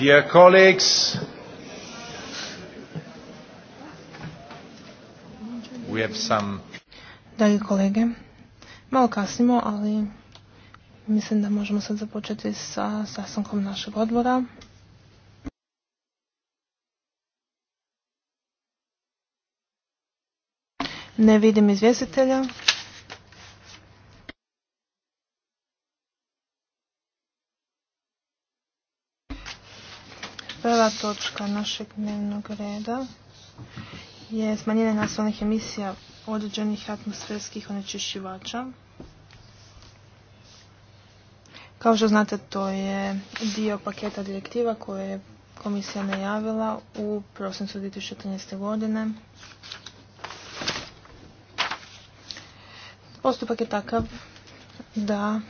Dear colleagues, we have some... Dragi kolege, malo kasnimo, ali mislim da možemo sad započeti sa sastankom našeg odbora. Ne vidim izvjestitelja. točka našeg dnevnog reda je smanjenje nasilnih emisija određenih atmosferskih onečišćivača. Kao što znate, to je dio paketa direktiva koje je komisija najavila u prosincu 2013. godine. Postupak je takav da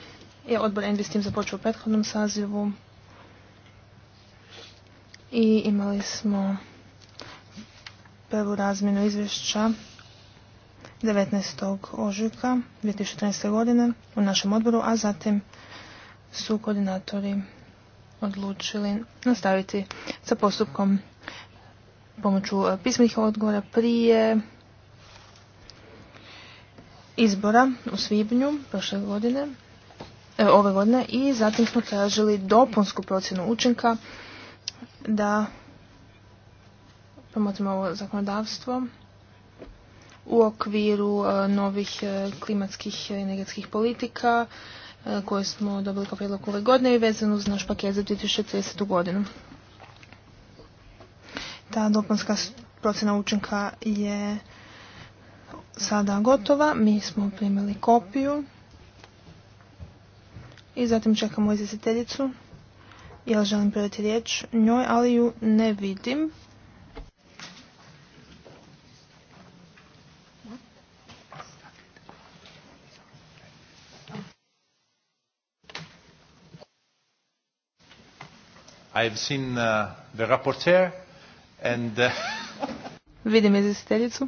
je odbor Envi započeo u prethodnom sazivu i imali smo prvu razmjenu izvješća 19. ožujka 2013. godine u našem odboru, a zatim su koordinatori odlučili nastaviti sa postupkom pomoću e, pismenih odgovora prije izbora u svibnju prošle godine, e, ove godine i zatim smo tražili dopunsku procjenu učinka da promotrimo ovo zakonodavstvo u okviru e, novih e, klimatskih i energetskih politika e, koje smo dobili kao prijedlog ove godine i vezano uz naš paket za 2030. godinu. Ta dopunska procjena učinka je sada gotova. Mi smo primili kopiju i zatim čekamo izvjestiteljicu. Ja želim predati riječ njoj, ali ju ne vidim. I seen uh, the rapporteur and uh, Vidim izvjestiteljicu.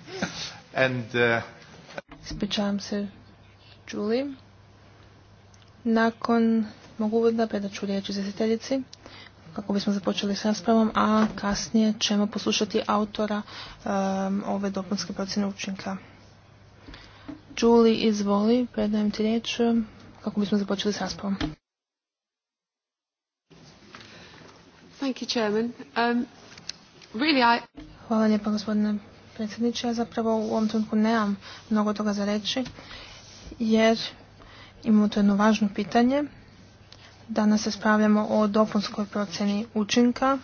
and uh, Ispričavam se, Julie. Nakon mogu da da ću riječ izvjestiteljici kako bismo započeli s raspravom, a kasnije ćemo poslušati autora um, ove dopunske procjene učinka. Julie, izvoli, predajem ti riječ um, kako bismo započeli s raspravom. Thank you, um, really I... Hvala lijepa, gospodine predsjedniče. Ja zapravo u ovom trenutku nemam mnogo toga za reći, jer imamo to jedno važno pitanje Danas raspravljamo o dopunskoj procjeni učinka.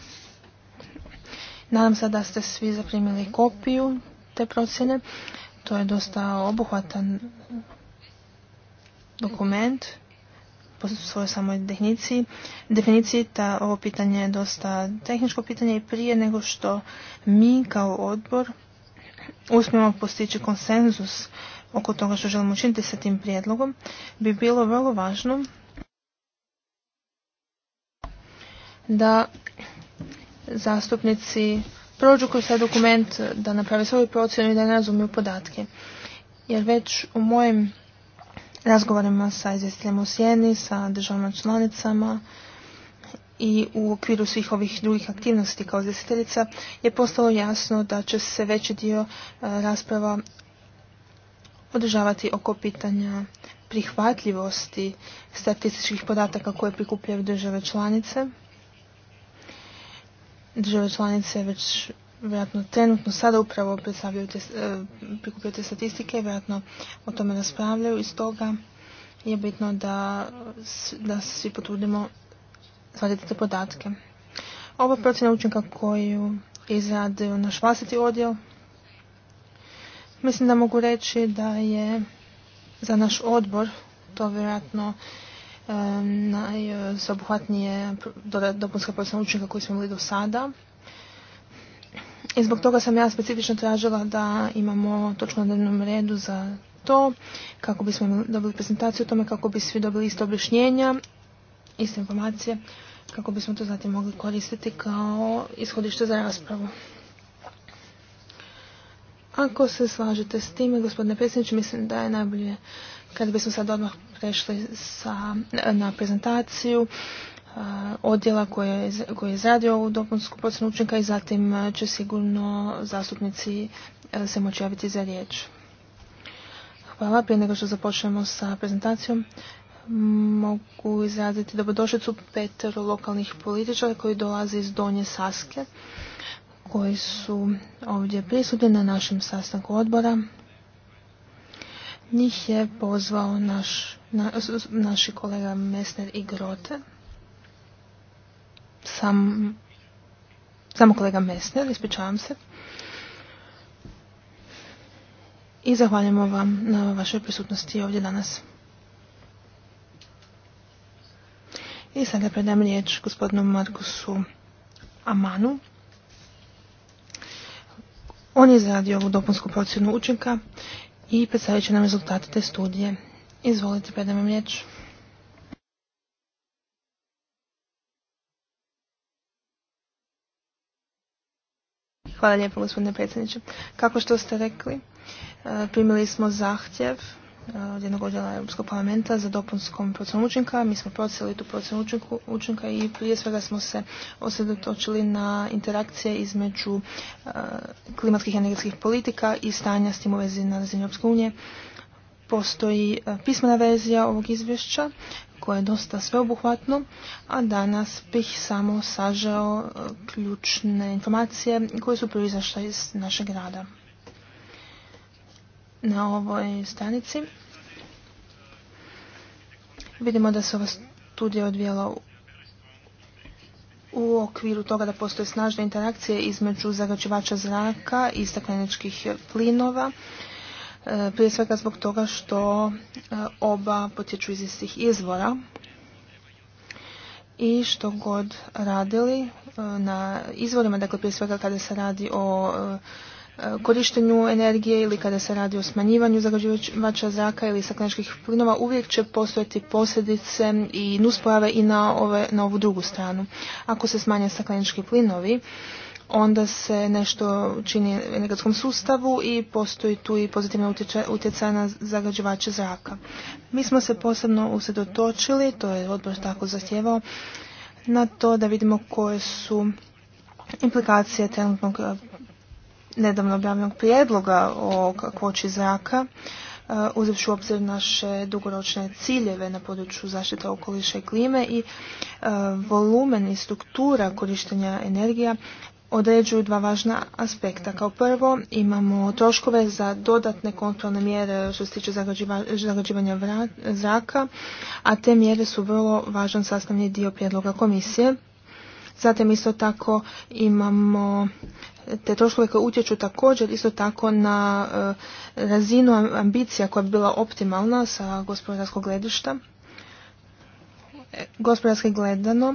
Nadam se da ste svi zaprimili kopiju te procjene. To je dosta obuhvatan dokument po svojoj samoj definiciji. Definiciji ta ovo pitanje je dosta tehničko pitanje i prije nego što mi kao odbor uspijemo postići konsenzus oko toga što želimo učiniti sa tim prijedlogom, bi bilo vrlo važno da zastupnici prođu kroz taj dokument, da naprave svoju procjenu i da ne razumiju podatke. Jer već u mojim razgovorima sa izvjestiteljem u Sjeni, sa državama članicama i u okviru svih ovih drugih aktivnosti kao izvjestiteljica je postalo jasno da će se veći dio e, rasprava održavati oko pitanja prihvatljivosti statističkih podataka koje prikupljaju države članice države članice već vjerojatno trenutno sada upravo predstavljaju te, e, statistike vjerojatno o tome raspravljaju i stoga je bitno da, da se svi potrudimo zvaditi te podatke. Ova procjena učinka koju izradio naš vlastiti odjel, mislim da mogu reći da je za naš odbor to vjerojatno najsobuhvatnije dopunska procjena učinka koju smo imali do sada. I zbog toga sam ja specifično tražila da imamo točno na dnevnom redu za to, kako bismo dobili prezentaciju o tome, kako bi svi dobili isto objašnjenja, iste informacije, kako bismo to zatim mogli koristiti kao ishodište za raspravu. Ako se slažete s time, gospodine predsjedniče, mislim da je najbolje kad bismo sad odmah prešli sa, na prezentaciju odjela koji je izradio ovu dopunsku procenu učinka i zatim će sigurno zastupnici se moći javiti za riječ. Hvala. Prije nego što započnemo sa prezentacijom, mogu izraziti dobrodošlicu pet lokalnih političara koji dolaze iz Donje Saske, koji su ovdje prisutni na našem sastanku odbora. Njih je pozvao naš, naši kolega Mesner i Grote. Sam, samo kolega Mesner, ispričavam se. I zahvaljujemo vam na vašoj prisutnosti ovdje danas. I sada predajem riječ gospodinu Markusu Amanu. On je izradio ovu dopunsku procjenu učinka i predstavit će nam rezultate te studije. Izvolite, predam vam riječ. Hvala lijepo gospodine predsjedniče. Kako što ste rekli, e, primili smo zahtjev Eh, od jednog odjela Europskog parlamenta za dopunskom procjenu učinka. Mi smo procjeli tu procjenu učinka i prije svega smo se osredotočili na interakcije između eh, klimatskih i energetskih politika i stanja s tim u vezi na razini Europske unije. Postoji eh, pismena verzija ovog izvješća koje je dosta sveobuhvatno, a danas bih samo sažao ključne informacije koje su proizašle iz našeg rada na ovoj stanici. Vidimo da se ova studija odvijela u okviru toga da postoje snažne interakcije između zagađivača zraka i stakleničkih plinova. E, prije svega zbog toga što e, oba potječu iz istih izvora i što god radili e, na izvorima, dakle prije svega kada se radi o korištenju energije ili kada se radi o smanjivanju zagađivača zraka ili stakleničkih plinova uvijek će postojati posljedice i nuspojave i na, ove, na ovu drugu stranu. Ako se smanje staklenički plinovi, onda se nešto čini energetskom sustavu i postoji tu i pozitivna utjecaj na zagađivače zraka. Mi smo se posebno usredotočili, to je odbor tako zahtjevao, na to da vidimo koje su implikacije trenutnog nedavno objavljenog prijedloga o kakvoći zraka, e, uzevši u obzir naše dugoročne ciljeve na području zaštite okoliša i klime i e, volumen i struktura korištenja energija određuju dva važna aspekta. Kao prvo imamo troškove za dodatne kontrolne mjere što se tiče zagađivanja zraka, a te mjere su vrlo važan sastavni dio prijedloga komisije. Zatim isto tako imamo te troškove koje utječu također isto tako na e, razinu ambicija koja bi bila optimalna sa gospodarskog gledišta. E, gospodarski gledano,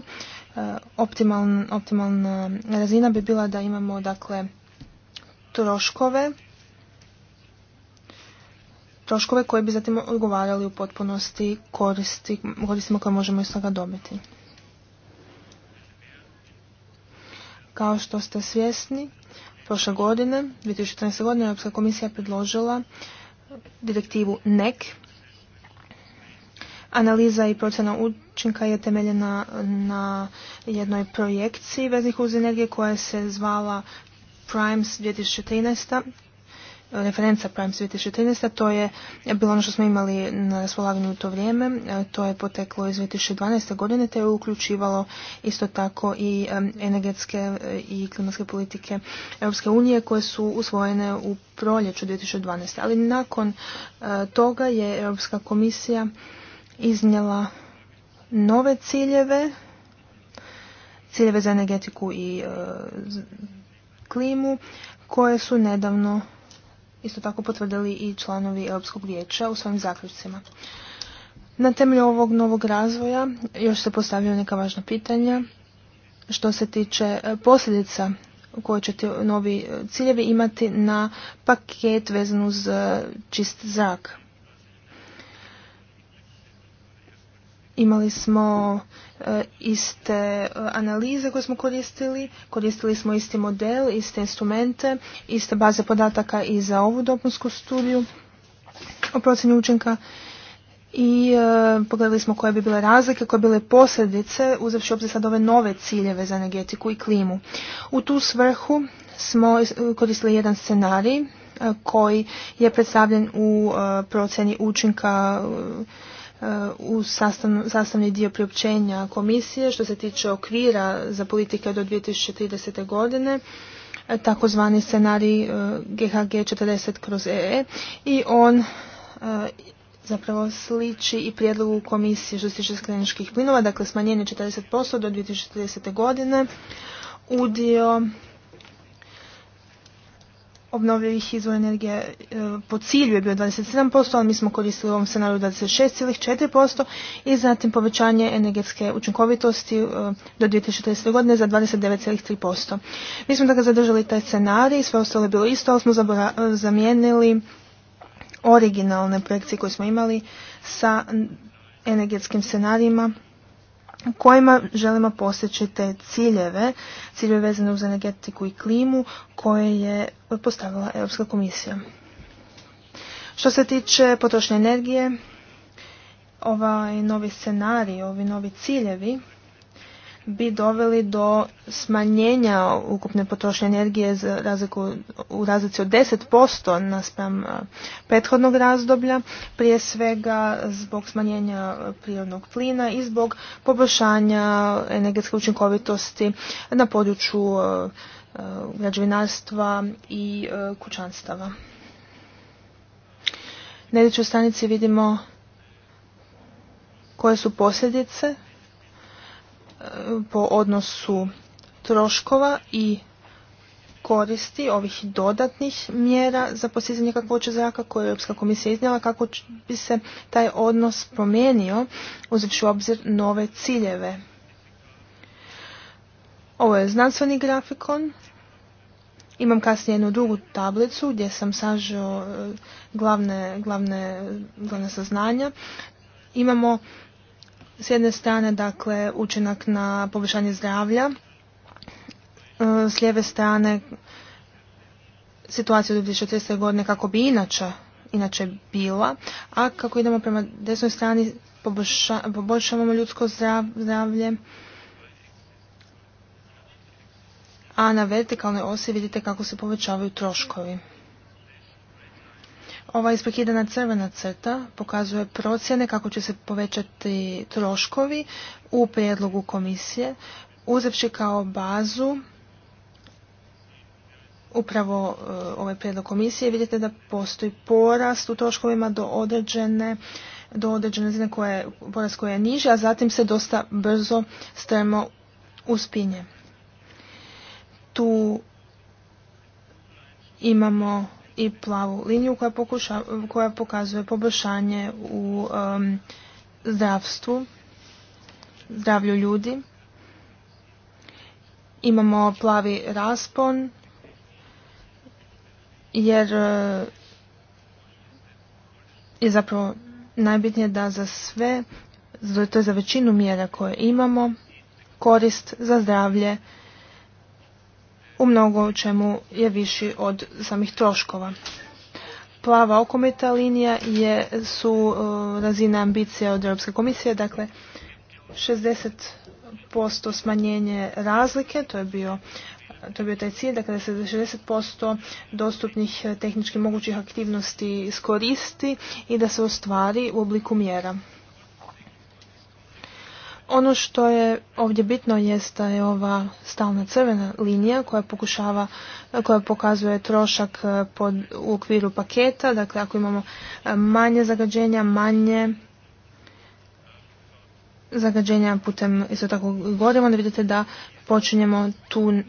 e, optimalna, razina bi bila da imamo dakle troškove troškove koje bi zatim odgovarali u potpunosti koristi, koristima koje možemo iz toga dobiti. Kao što ste svjesni, prošle godine, 2014. godine, Europska komisija predložila direktivu NEC. Analiza i procjena učinka je temeljena na jednoj projekciji veznih uz energije koja se zvala Primes 2013 referenca Prime 2013. To je bilo ono što smo imali na raspolaganju u to vrijeme. E, to je poteklo iz 2012. godine te je uključivalo isto tako i e, energetske e, i klimatske politike Europske unije koje su usvojene u proljeću 2012. Ali nakon toga je Europska komisija iznijela nove ciljeve, ciljeve za energetiku i klimu koje su nedavno isto tako potvrdili i članovi Europskog vijeća u svojim zaključcima. Na temelju ovog novog razvoja još se postavljaju neka važna pitanja što se tiče e, posljedica koje će ti novi e, ciljevi imati na paket vezan uz e, čist zrak. Imali smo e, iste e, analize koje smo koristili, koristili smo isti model, iste instrumente, iste baze podataka i za ovu dopunsku studiju o procjeni učinka i e, pogledali smo koje bi bile razlike, koje bi bile posljedice, uzevši obzir sad ove nove ciljeve za energetiku i klimu. U tu svrhu smo koristili jedan scenarij koji je predstavljen u procjeni učinka u sastavni dio priopćenja komisije što se tiče okvira za politike do 2030. godine e, takozvani scenarij GHG e, 40 kroz EE e i on zapravo sliči i prijedlogu komisije što se tiče skleničkih plinova, dakle smanjenje 40% do 2030. godine, udio obnovljivih izvora energije e, po cilju je bio 27%, ali mi smo koristili u ovom scenariju 26,4% i zatim povećanje energetske učinkovitosti e, do 2040. godine za 29,3%. Mi smo dakle zadržali taj scenarij, sve ostalo je bilo isto, ali smo zamijenili originalne projekcije koje smo imali sa energetskim scenarijima kojima želimo postići te ciljeve, ciljeve vezane uz energetiku i klimu koje je postavila Europska komisija. Što se tiče potrošnje energije, ovaj novi scenarij, ovi novi ciljevi bi doveli do smanjenja ukupne potrošnje energije za u razlici od 10% naspram e, prethodnog razdoblja, prije svega zbog smanjenja prirodnog plina i zbog poboljšanja energetske učinkovitosti na području e, e, građevinarstva i kućanstava. Na idućoj stranici vidimo koje su posljedice po odnosu troškova i koristi ovih dodatnih mjera za postizanje kakvoće zraka koje je Europska komisija iznijela kako bi se taj odnos promijenio uzevši u obzir nove ciljeve. Ovo je znanstveni grafikon. Imam kasnije jednu drugu tablicu gdje sam sažao e, glavne, glavne, glavne saznanja. Imamo s jedne strane, dakle, učinak na poboljšanje zdravlja, e, s lijeve strane situacija u 2030. godine kako bi inače, inače bila, a kako idemo prema desnoj strani poboljša, poboljšavamo ljudsko zdravlje, a na vertikalnoj osi vidite kako se povećavaju troškovi. Ova isprekidana crvena crta pokazuje procjene kako će se povećati troškovi u prijedlogu komisije, uzevši kao bazu upravo e, ovaj prijedlog komisije. Vidite da postoji porast u troškovima do određene do određene zine porast koja je niži, a zatim se dosta brzo stremo uspinje. Tu imamo i plavu liniju koja, pokazuje poboljšanje u um, zdravstvu, zdravlju ljudi. Imamo plavi raspon jer uh, je zapravo najbitnije da za sve, to je za većinu mjera koje imamo, korist za zdravlje u mnogo čemu je viši od samih troškova. Plava okometa linija je, su e, razina ambicija od Europske komisije, dakle 60% smanjenje razlike, to je bio to je bio taj cilj, dakle da se 60% dostupnih tehnički mogućih aktivnosti iskoristi i da se ostvari u obliku mjera. Ono što je ovdje bitno jest da je ova stalna crvena linija koja pokušava, koja pokazuje trošak e, pod, u okviru paketa, dakle ako imamo e, manje zagađenja, manje zagađenja putem isto tako godina, onda vidite da počinjemo tu,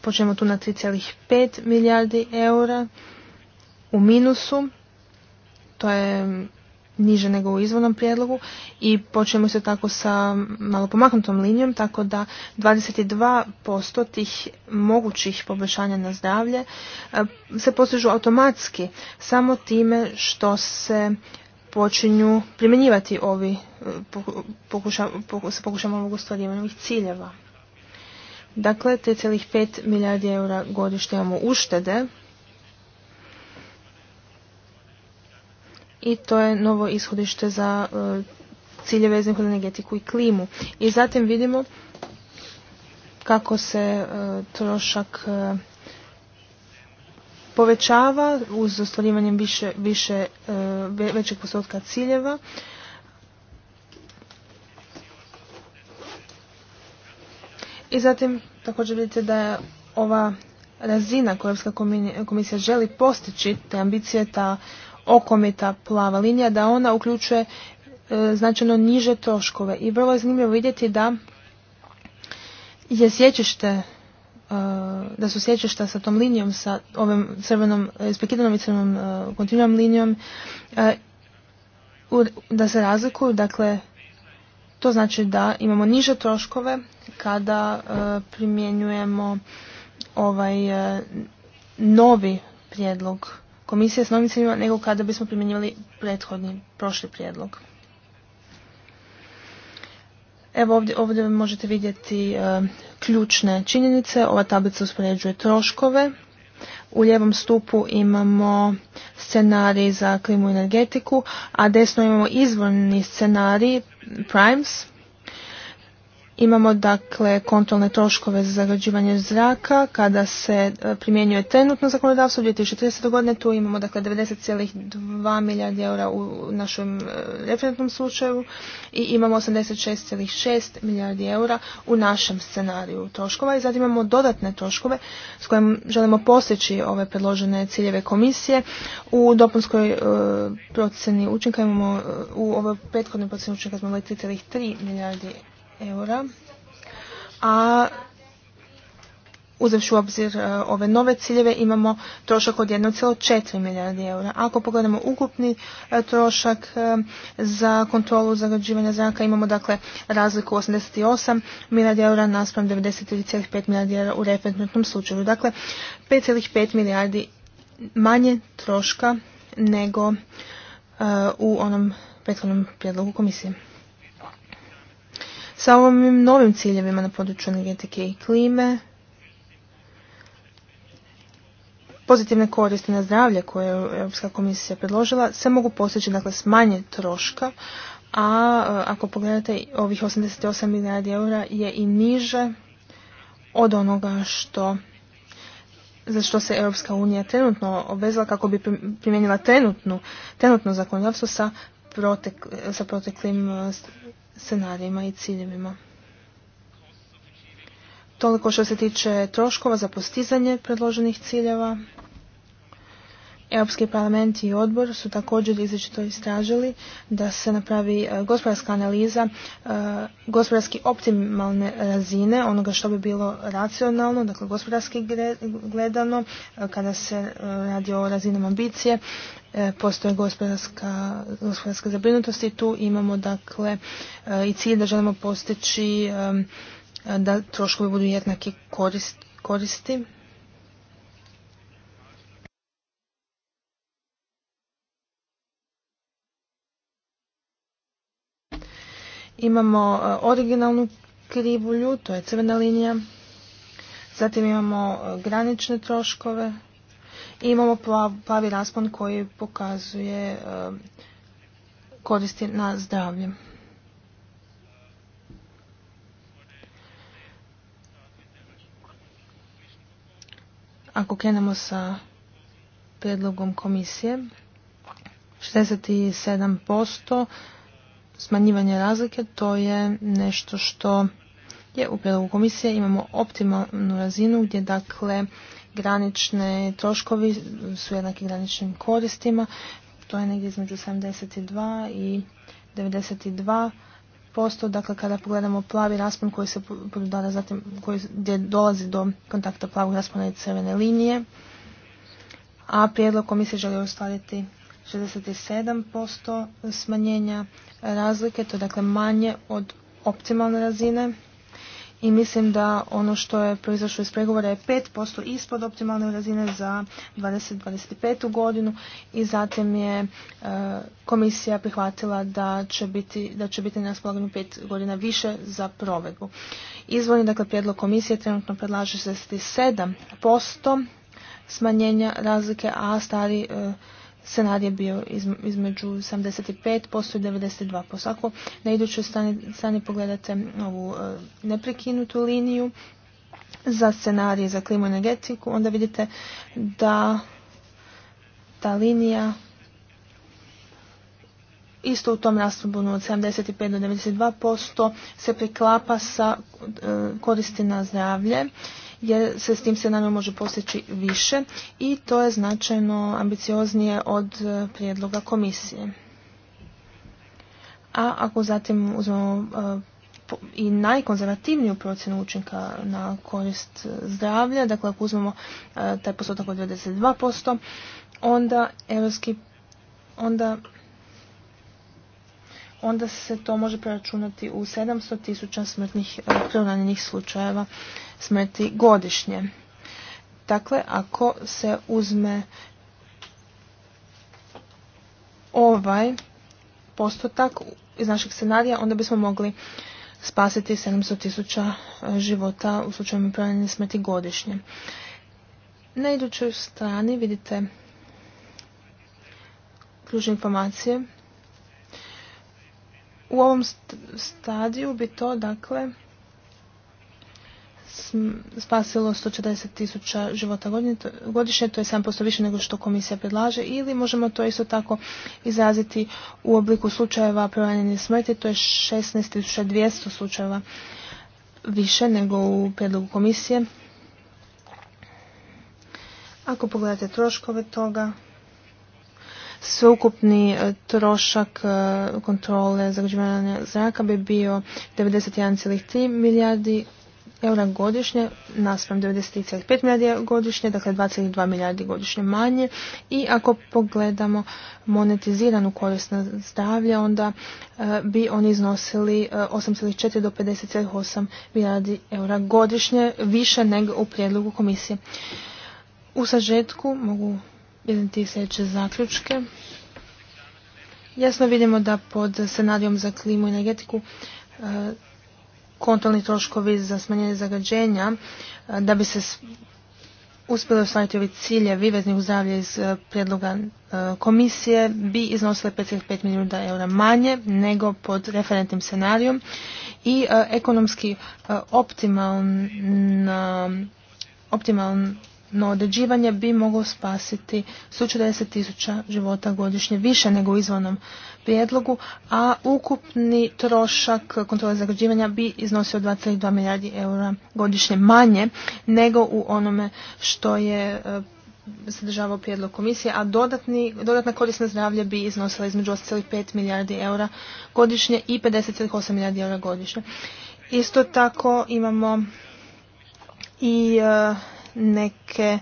počinjemo tu na 3,5 milijardi eura u minusu. To je niže nego u izvornom prijedlogu i počnemo se tako sa malo pomaknutom linijom, tako da 22% tih mogućih poboljšanja na zdravlje e, se postižu automatski samo time što se počinju primjenjivati ovi e, pokuša, pokušamo ovog ciljeva. Dakle, 3,5 milijardi eura godišnje imamo uštede i to je novo ishodište za e, cilje veznih od energetiku i klimu. I zatim vidimo kako se e, trošak e, povećava uz ostvarivanjem više, većeg postotka ciljeva. I zatim također vidite da je ova razina koja Europska komisija želi postići, te ambicije, ta okomita plava linija, da ona uključuje e, značajno niže troškove. I vrlo je zanimljivo vidjeti da je sjećište e, da su sjećišta sa tom linijom, sa ovim crvenom, e, spekidanom i crvenom kontinuom linijom, da se razlikuju, dakle, to znači da imamo niže troškove kada primjenjujemo ovaj novi prijedlog komisije s novim ciljima nego kada bismo primjenjivali prethodni prošli prijedlog. Evo ovdje, ovdje možete vidjeti e, ključne činjenice. Ova tablica uspoređuje troškove. U ljevom stupu imamo scenarij za klimu i energetiku, a desno imamo izvorni scenarij Primes Imamo dakle kontrolne troškove za zagađivanje zraka kada se e, primjenjuje trenutno zakonodavstvo 2030. godine. Tu imamo dakle 90,2 milijardi eura u našem e, referentnom slučaju i imamo 86,6 milijardi eura u našem scenariju troškova i zatim imamo dodatne troškove s kojim želimo postići ove predložene ciljeve komisije. U dopunskoj e, procjeni učinka imamo u ovoj prethodnoj procjeni učinka smo 3,3 milijardi eura, a uzevši u obzir e, ove nove ciljeve imamo trošak od 1,4 milijardi eura. Ako pogledamo ukupni e, trošak e, za kontrolu zagađivanja zraka imamo dakle razliku 88 milijardi eura naspram 93,5 milijardi eura u referentnom slučaju. Dakle 5,5 milijardi manje troška nego u onom prethodnom prijedlogu komisije sa ovim novim ciljevima na području energetike i klime, pozitivne koristi na zdravlje koje je Europska komisija predložila se mogu postići dakle, s manje troška, a e, ako pogledate ovih 88 milijardi eura je i niže od onoga što za što se Europska unija trenutno obvezala kako bi primijenila trenutno zakonodavstvo sa, sa proteklim e, scenarijima i ciljevima. Toliko što se tiče troškova za postizanje predloženih ciljeva, Europski parlament i odbor su također izrečito istražili da se napravi e, gospodarska analiza, e, gospodarski optimalne razine onoga što bi bilo racionalno, dakle gospodarski gledano, e, kada se radi o razinama ambicije, postoje gospodarska, gospodarska zabrinutost i tu imamo dakle i cilj da želimo postići da troškovi budu jednaki koristi, koristi Imamo e, originalnu krivulju, to je crvena linija. Zatim imamo e, granične troškove. I imamo plavi raspon koji pokazuje e, koristi na zdravlje. Ako krenemo sa predlogom komisije, 67% smanjivanje razlike, to je nešto što je u prijedlogu komisije. Imamo optimalnu razinu gdje dakle granične troškovi su jednaki graničnim koristima. To je negdje između 72 i 92 dakle kada pogledamo plavi raspon koji se podudara zatim koji, gdje dolazi do kontakta plavog raspona i crvene linije, a prijedlog komisije želi ostvariti 67% smanjenja razlike, to je dakle manje od optimalne razine i mislim da ono što je proizašlo iz pregovora je 5% ispod optimalne razine za 2025. godinu i zatim je e, komisija prihvatila da će biti, da biti na raspolaganju 5 godina više za provedbu. Izvorni dakle, prijedlog komisije trenutno predlaže 67% smanjenja razlike, a stari e, scenarij je bio između 75% i 92%. Ako na idućoj strani, pogledate ovu e, neprekinutu liniju za scenarije za klimu energetiku, onda vidite da ta linija isto u tom rastrobunu od 75 do 92% se preklapa sa e, koristi na zdravlje jer se s tim scenarijom može postići više i to je značajno ambicioznije od e, prijedloga komisije. A ako zatim uzmemo e, i najkonzervativniju procjenu učinka na korist e, zdravlja, dakle ako uzmemo taj postotak od 22%, onda evropski onda onda se to može preračunati u 700 tisuća smrtnih proranjenih slučajeva smrti godišnje. Dakle, ako se uzme ovaj postotak iz našeg scenarija, onda bismo mogli spasiti 700 tisuća e, života u slučaju upravljanja smrti godišnje. Na idućoj strani vidite ključne informacije. U ovom stadiju bi to, dakle, spasilo 140 tisuća života godišnje, to je 7% više nego što komisija predlaže, ili možemo to isto tako izraziti u obliku slučajeva prevanjene smrti, to je 16.200 slučajeva više nego u predlogu komisije. Ako pogledate troškove toga, sveukupni e, trošak e, kontrole zagađivanja zraka bi bio 91,3 milijardi eura godišnje, naspram 93,5 milijardi godišnje, dakle 2,2 milijardi godišnje manje. I ako pogledamo monetiziranu korist na zdravlje, onda e, bi oni iznosili 8,4 e, do 50,8 milijardi eura godišnje, više nego u prijedlogu komisije. U sažetku mogu jedniti sljedeće zaključke. Jasno vidimo da pod scenarijom za klimu i energetiku e, kontrolni troškovi za smanjenje zagađenja e, da bi se uspjeli ostvariti ovi ciljevi viveznih uz zdravlje iz e, prijedloga e, komisije bi iznosile 5,5 milijuna eura manje nego pod referentnim scenarijom i ekonomski optimalan optimalno određivanje bi moglo spasiti 140 tisuća života godišnje više nego u izvornom prijedlogu, a ukupni trošak kontrole zagrađivanja bi iznosio 2,2 milijardi eura godišnje manje nego u onome što je e, sadržavao prijedlog komisije, a dodatni, dodatna korisna zdravlja bi iznosila između 8,5 milijardi eura godišnje i 50,8 milijardi eura godišnje. Isto tako imamo i e, neke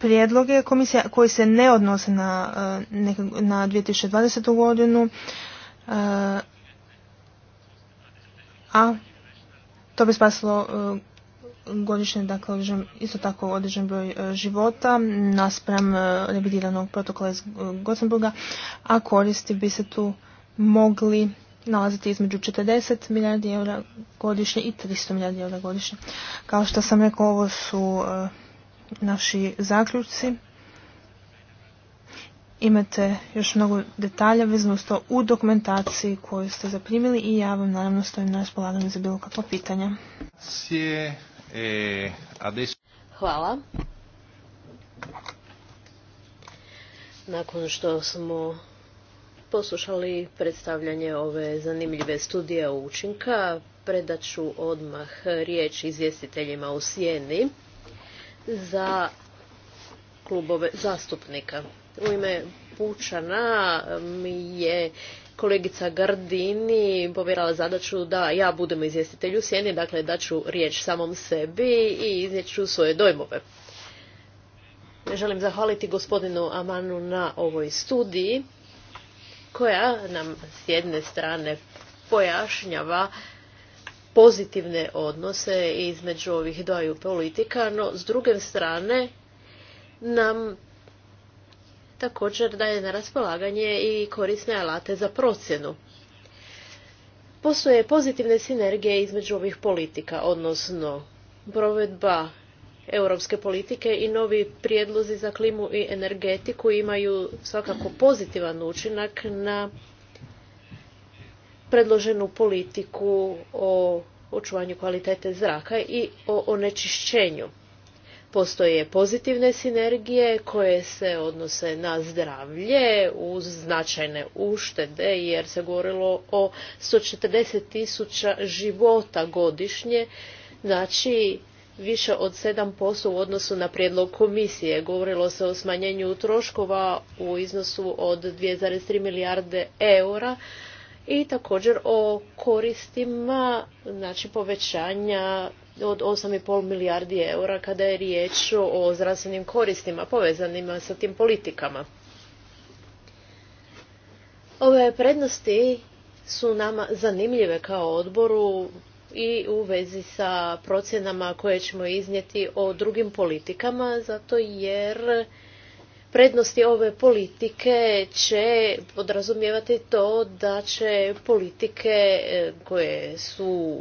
prijedloge komisija koji se ne odnose na, e, na 2020. godinu, e, a to bi spasilo e, godišnje, dakle, isto tako određen broj života naspram revidiranog protokola iz a koristi bi se tu mogli nalaziti između 40 milijardi eura godišnje i 300 milijardi eura godišnje. Kao što sam rekao, ovo su naši zaključci. Imate još mnogo detalja vezano u dokumentaciji koju ste zaprimili i ja vam naravno stojim na raspolaganju za bilo kakva pitanja. Hvala. Nakon što smo poslušali predstavljanje ove zanimljive studije učinka, predat ću odmah riječ izvjestiteljima u sjeni za klubove zastupnika. U ime Pučana mi je kolegica Gardini povjerala zadaću da ja budem izvjestitelj u sjeni, dakle da ću riječ samom sebi i iznijeću svoje dojmove. Želim zahvaliti gospodinu Amanu na ovoj studiji koja nam s jedne strane pojašnjava pozitivne odnose između ovih dvaju politika, no s druge strane nam također daje na raspolaganje i korisne alate za procjenu. Postoje pozitivne sinergije između ovih politika, odnosno provedba europske politike i novi prijedlozi za klimu i energetiku imaju svakako pozitivan učinak na predloženu politiku o očuvanju kvalitete zraka i o onečišćenju. Postoje pozitivne sinergije koje se odnose na zdravlje uz značajne uštede jer se govorilo o 140 tisuća života godišnje, znači više od 7% u odnosu na prijedlog komisije. Govorilo se o smanjenju troškova u iznosu od 2,3 milijarde eura, i također o koristima znači povećanja od 8,5 milijardi eura kada je riječ o zdravstvenim koristima povezanima sa tim politikama. Ove prednosti su nama zanimljive kao odboru i u vezi sa procjenama koje ćemo iznijeti o drugim politikama, zato jer Prednosti ove politike će podrazumijevati to da će politike e, koje su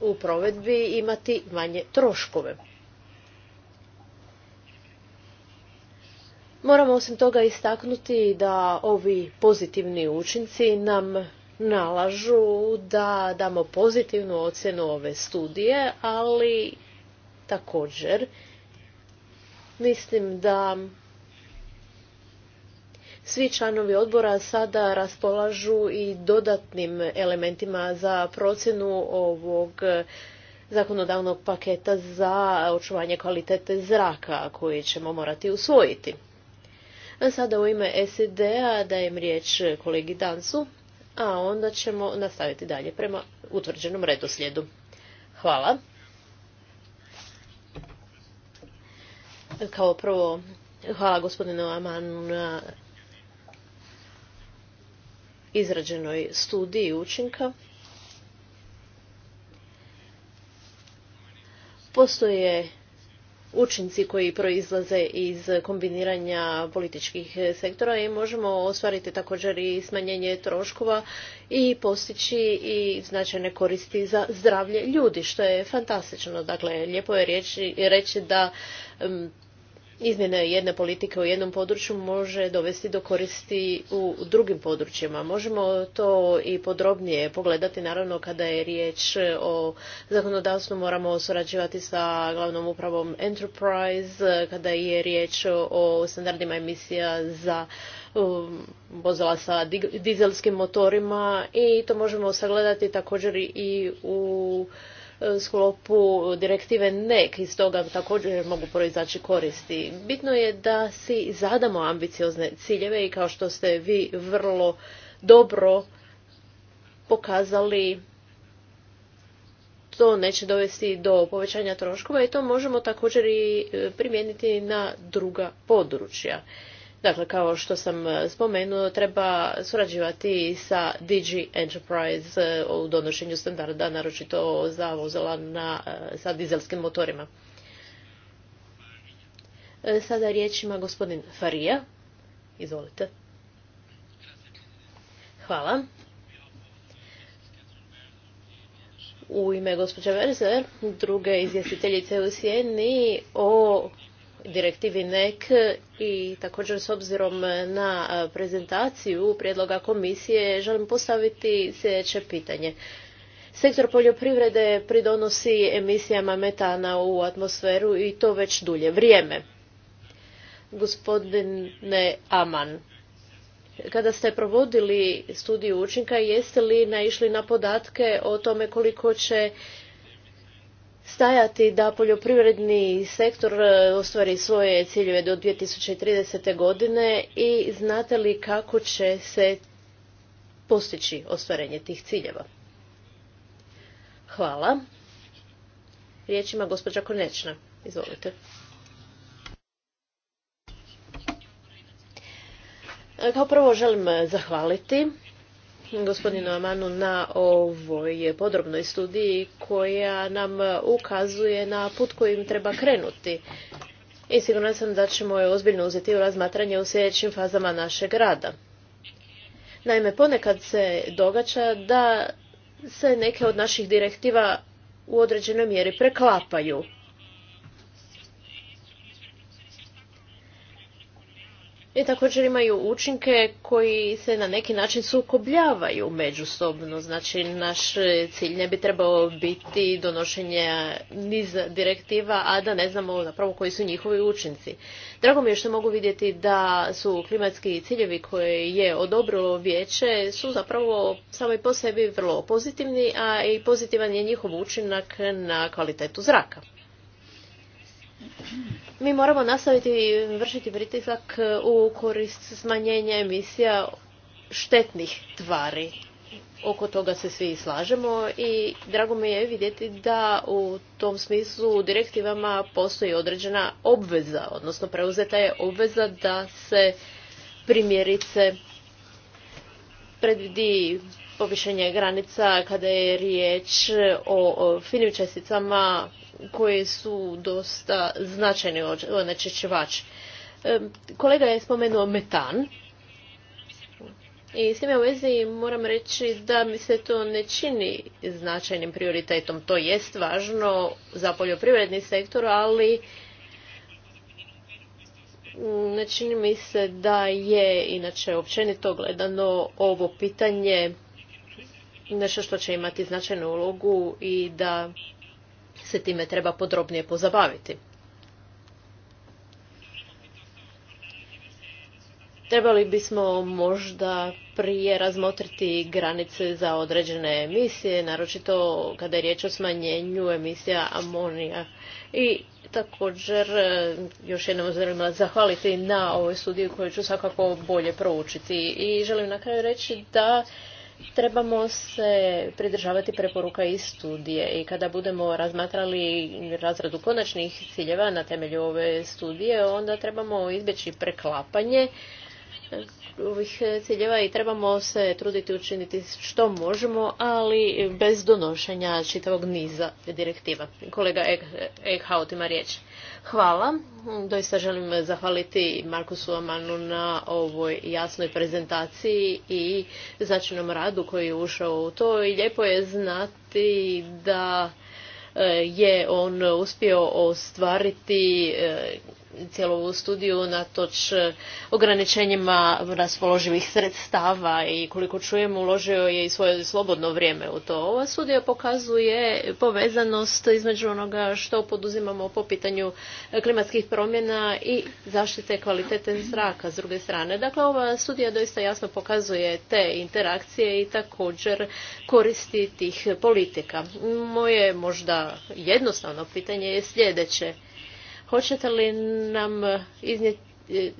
u provedbi imati manje troškove. Moramo osim toga istaknuti da ovi pozitivni učinci nam nalažu da damo pozitivnu ocjenu ove studije, ali također mislim da svi članovi odbora sada raspolažu i dodatnim elementima za procjenu ovog zakonodavnog paketa za očuvanje kvalitete zraka koji ćemo morati usvojiti. sada u ime SED-a dajem riječ kolegi Dansu, a onda ćemo nastaviti dalje prema utvrđenom redoslijedu. Hvala. Kao prvo, hvala gospodinu Amanu na izrađenoj studiji učinka. Postoje učinci koji proizlaze iz kombiniranja političkih sektora i možemo ostvariti također i smanjenje troškova i postići i značajne koristi za zdravlje ljudi, što je fantastično. Dakle, lijepo je reći, da izmjene jedne politike u jednom području može dovesti do koristi u drugim područjima. Možemo to i podrobnije pogledati, naravno kada je riječ o zakonodavstvu moramo surađivati sa glavnom upravom Enterprise, kada je riječ o standardima emisija za um, vozila sa dizelskim motorima i to možemo sagledati također i u E, sklopu direktive NEK, iz toga također mogu proizaći koristi. Bitno je da si zadamo ambiciozne ciljeve i kao što ste vi vrlo dobro pokazali to neće dovesti do povećanja troškova i to možemo također i e, primijeniti na druga područja. Dakle, kao što sam e, spomenuo, treba surađivati sa DG Enterprise e, u donošenju standarda, naročito za vozila na, e, sa dizelskim motorima. Sada riječ ima gospodin Farija. Izvolite. Hvala. U ime gospođa Verzer, druge izvjestiteljice u Sjeni, o direktivi NEC i također s obzirom na prezentaciju prijedloga komisije želim postaviti sljedeće pitanje. Sektor poljoprivrede pridonosi emisijama metana u atmosferu i to već dulje vrijeme. Gospodine Aman, kada ste provodili studiju učinka, jeste li naišli na podatke o tome koliko će stajati da poljoprivredni sektor e, ostvari svoje ciljeve do 2030. godine i znate li kako će se postići ostvarenje tih ciljeva? Hvala. Riječ ima gospođa Konečna. Izvolite. E, kao prvo želim zahvaliti gospodinu Amanu na ovoj podrobnoj studiji koja nam ukazuje na put kojim treba krenuti. I sigurna sam da ćemo je ozbiljno uzeti u razmatranje u sljedećim fazama našeg rada. Naime, ponekad se događa da se neke od naših direktiva u određenoj mjeri preklapaju. i također imaju učinke koji se na neki način sukobljavaju međusobno. Znači, naš cilj ne bi trebao biti donošenje niz direktiva, a da ne znamo zapravo koji su njihovi učinci. Drago mi je što mogu vidjeti da su klimatski ciljevi koje je odobrilo vijeće su zapravo samo i po sebi vrlo pozitivni, a i pozitivan je njihov učinak na kvalitetu zraka. Mi moramo nastaviti vršiti pritisak e, u korist smanjenja emisija štetnih tvari. Oko toga se svi slažemo i drago mi je vidjeti da u tom smislu u direktivama postoji određena obveza, odnosno preuzeta je obveza da se primjerice predvidi povišenje granica kada je riječ o finim česticama koje su dosta značajni onečišćivač. E, kolega je spomenuo metan. I s time u vezi moram reći da mi se to ne čini značajnim prioritetom. To jest važno za poljoprivredni sektor, ali ne čini mi se da je, inače općenito gledano, ovo pitanje nešto što će imati značajnu ulogu i da se time treba podrobnije pozabaviti. Trebali bismo možda prije razmotriti granice za određene emisije, naročito kada je riječ o smanjenju emisija amonija. I također e, još jednom želim zahvaliti na ovoj studiju koju ću svakako bolje proučiti. I želim na kraju reći da trebamo se pridržavati preporuka iz studije i kada budemo razmatrali razradu konačnih ciljeva na temelju ove studije, onda trebamo izbjeći preklapanje ovih eh, ciljeva i trebamo se truditi učiniti što možemo, ali bez donošenja čitavog niza direktiva. Kolega Eghaut ima riječ. Hvala. Doista želim zahvaliti Markusu Amanu na ovoj jasnoj prezentaciji i značnom radu koji je ušao u to i lijepo je znati da eh, je on uspio ostvariti eh, cijelu ovu studiju toč eh, ograničenjima raspoloživih sredstava i koliko čujem uložio je i svoje slobodno vrijeme u to. Ova studija pokazuje povezanost između onoga što poduzimamo po pitanju eh, klimatskih promjena i zaštite kvalitete zraka s druge strane. Dakle, ova studija doista jasno pokazuje te interakcije i također koristi tih politika. Moje možda jednostavno pitanje je sljedeće Hoćete li nam iznijeti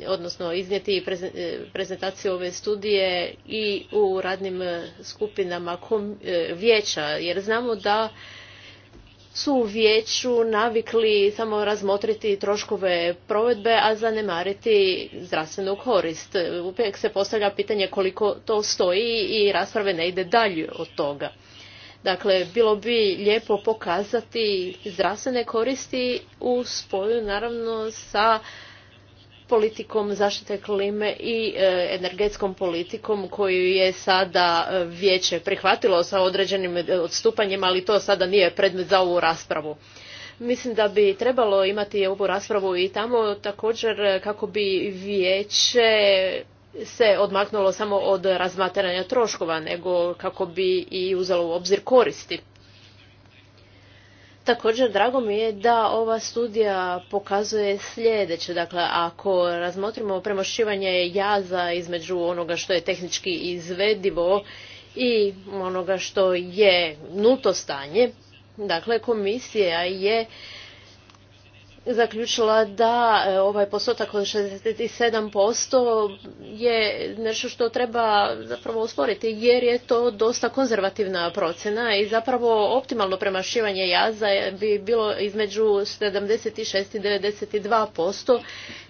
odnosno iznijeti prezentaciju ove studije i u radnim skupinama vijeća, jer znamo da su u vijeću navikli samo razmotriti troškove provedbe, a zanemariti zdravstvenu korist. Uvijek se postavlja pitanje koliko to stoji i rasprave ne ide dalje od toga. Dakle, bilo bi lijepo pokazati zdravstvene koristi u spoju naravno sa politikom zaštite klime i e, energetskom politikom koju je sada e, vijeće prihvatilo sa određenim odstupanjem, ali to sada nije predmet za ovu raspravu. Mislim da bi trebalo imati ovu raspravu i tamo također e, kako bi vijeće se odmaknulo samo od razmatranja troškova, nego kako bi i uzelo u obzir koristi. Također, drago mi je da ova studija pokazuje sljedeće. Dakle, ako razmotrimo premošćivanje jaza između onoga što je tehnički izvedivo i onoga što je nuto stanje, dakle, komisija je zaključila da e, ovaj postotak od 67% je nešto što treba zapravo usporiti jer je to dosta konzervativna procjena i zapravo optimalno premašivanje jaza bi bilo između 76 i 92%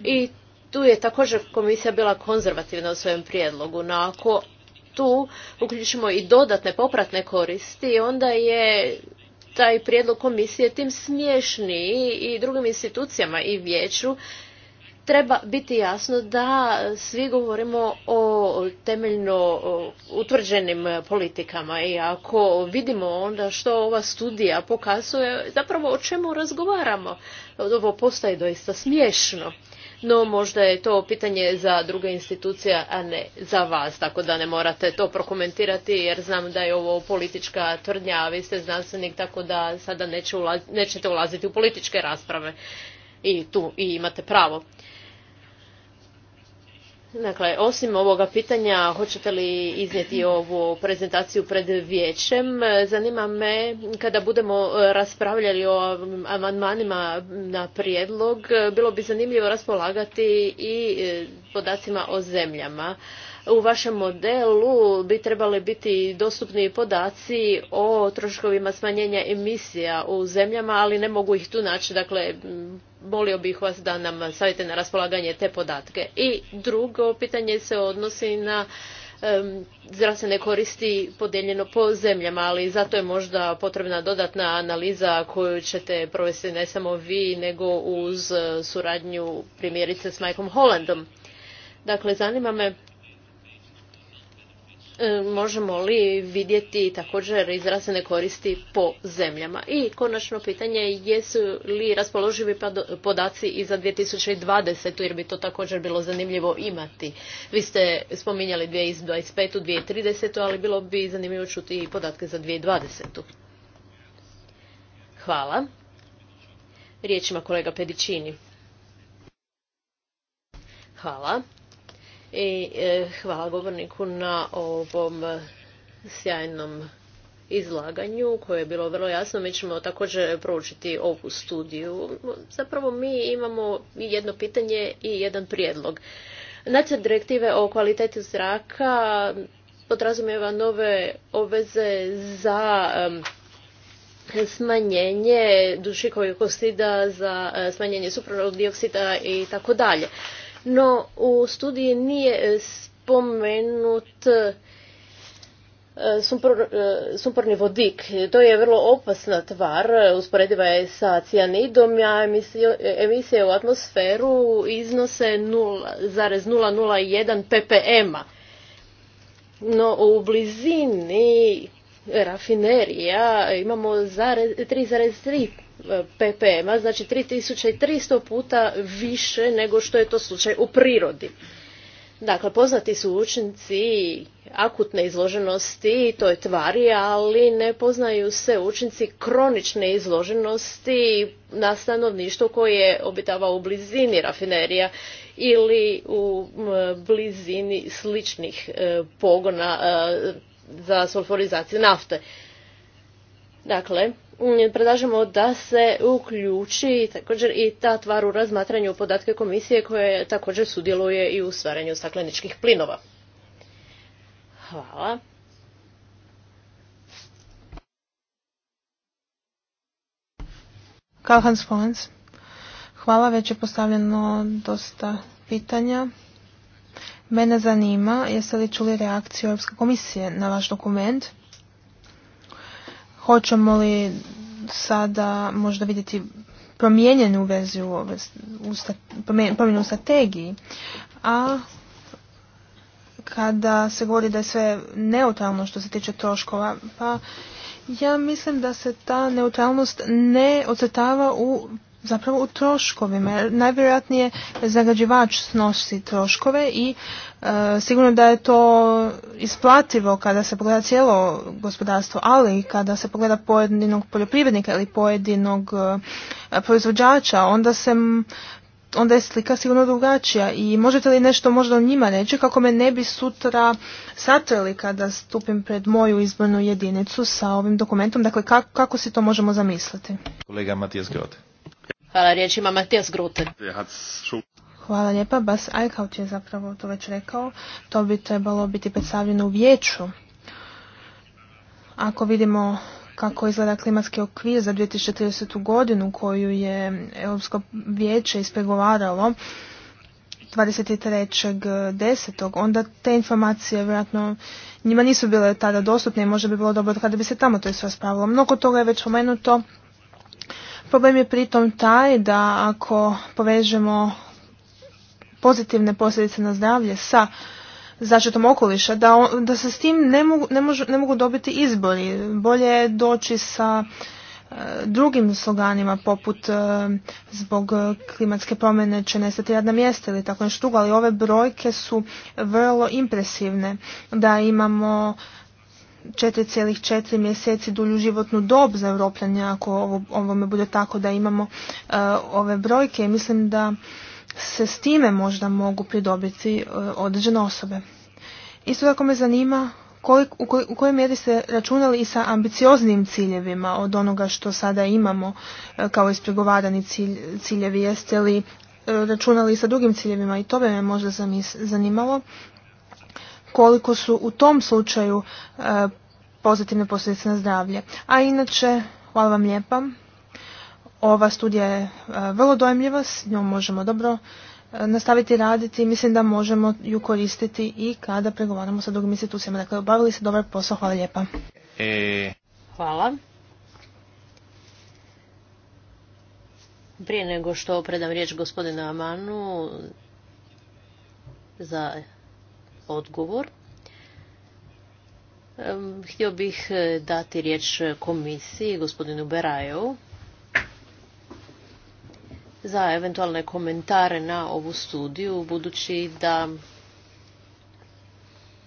i tu je također komisija bila konzervativna u svojem prijedlogu. No ako tu uključimo i dodatne popratne koristi, onda je taj prijedlog komisije tim smješniji i drugim institucijama i vijeću treba biti jasno da svi govorimo o temeljno utvrđenim politikama i ako vidimo onda što ova studija pokazuje, zapravo o čemu razgovaramo. Ovo postaje doista smiješno no možda je to pitanje za druge institucije, a ne za vas, tako da ne morate to prokomentirati jer znam da je ovo politička tvrdnja, a vi ste znanstvenik, tako da sada nećete ulaziti u političke rasprave i tu i imate pravo. Dakle, osim ovoga pitanja, hoćete li iznijeti ovu prezentaciju pred vijećem? Zanima me, kada budemo e, raspravljali o amandmanima na prijedlog, bilo bi zanimljivo raspolagati i e, podacima o zemljama u vašem modelu bi trebali biti dostupni podaci o troškovima smanjenja emisija u zemljama, ali ne mogu ih tu naći. Dakle, molio bih vas da nam stavite na raspolaganje te podatke. I drugo pitanje se odnosi na zdravstvene koristi podijeljeno po zemljama, ali zato je možda potrebna dodatna analiza koju ćete provesti ne samo vi, nego uz suradnju primjerice s Majkom Hollandom. Dakle, zanima me E, možemo li vidjeti također izrazene koristi po zemljama. I konačno pitanje jesu li raspoloživi podaci i za 2020. jer bi to također bilo zanimljivo imati. Vi ste spominjali 2025. 2030. ali bilo bi zanimljivo čuti i podatke za 2020. Hvala. ima kolega Pedicini. Hvala i e, hvala govorniku na ovom sjajnom izlaganju koje je bilo vrlo jasno. Mi ćemo također proučiti ovu studiju. Zapravo mi imamo jedno pitanje i jedan prijedlog. Nacrt direktive o kvaliteti zraka podrazumijeva nove obveze za smanjenje dušikovih oksida, za e, smanjenje suprotnog dioksida i tako dalje no u studiji nije e, spomenut e, e, sumporni vodik, to je vrlo opasna tvar, usporediva je sa cijanidom, a emisije, u atmosferu iznose 0,001 ppm-a. No u blizini rafinerija imamo 3,3 ppm-a, znači 3300 puta više nego što je to slučaj u prirodi. Dakle, poznati su učinci akutne izloženosti i toj tvari, ali ne poznaju se učinci kronične izloženosti na stanovništvo koje obitava u blizini rafinerija ili u blizini sličnih e, pogona e, za sulforizaciju nafte. Dakle, Mm, predlažemo da se uključi također i ta tvar u razmatranju podatke komisije koje također sudjeluje i u stvaranju stakleničkih plinova. Hvala. Hvala, već je postavljeno dosta pitanja. Mene zanima, jeste li čuli reakciju Europske komisije na vaš dokument? Hoćemo li sada možda vidjeti promijenjenu verziju ove, promjenu u strategiji, a kada se govori da je sve neutralno što se tiče troškova, pa ja mislim da se ta neutralnost ne ocrtava u zapravo u troškovima. Najvjerojatnije zagađivač snosi troškove i e, sigurno da je to isplativo kada se pogleda cijelo gospodarstvo, ali kada se pogleda pojedinog poljoprivrednika ili pojedinog e, proizvođača, onda se onda je slika sigurno drugačija i možete li nešto možda o njima reći kako me ne bi sutra satrali kada stupim pred moju izbornu jedinicu sa ovim dokumentom, dakle kako, kako si to možemo zamisliti? Kolega Matijas Grote. Hvala, riječ ima Matijas Grute. Hvala lijepa, Bas je zapravo to već rekao. To bi trebalo biti predstavljeno u vijeću. Ako vidimo kako izgleda klimatski okvir za 2030. godinu koju je Europsko vijeće ispregovaralo 23.10. onda te informacije vjerojatno njima nisu bile tada dostupne i možda bi bilo dobro kada bi se tamo to sve raspravilo. Mnogo toga je već pomenuto Problem je pritom taj da ako povežemo pozitivne posljedice na zdravlje sa zaštitom okoliša, da, da se s tim ne mogu, ne, ne mogu dobiti izbori. Bolje je doći sa e, drugim sloganima poput e, zbog klimatske promjene će nestati radna mjesta ili tako nešto, ali ove brojke su vrlo impresivne. Da imamo 4,4 mjeseci dulju životnu dob za Europljanje ako ovo, ovome bude tako da imamo e, ove brojke i mislim da se s time možda mogu pridobiti e, određene osobe. Isto tako me zanima u, kojoj mjeri ste računali i sa ambicioznim ciljevima od onoga što sada imamo e, kao ispregovarani ciljevi. Jeste li računali i sa drugim ciljevima i to bi me možda zanimalo koliko su u tom slučaju e, pozitivne posljedice na zdravlje. A inače, hvala vam lijepa. Ova studija je e, vrlo dojemljiva, s njom možemo dobro e, nastaviti raditi i mislim da možemo ju koristiti i kada pregovaramo sa drugim institucijama. Dakle, obavili se dobar posao, hvala lijepa. Hvala. Prije nego što predam riječ gospodinu Amanu za odgovor. Htio bih e, dati riječ komisiji, gospodinu Berajevu, za eventualne komentare na ovu studiju, budući da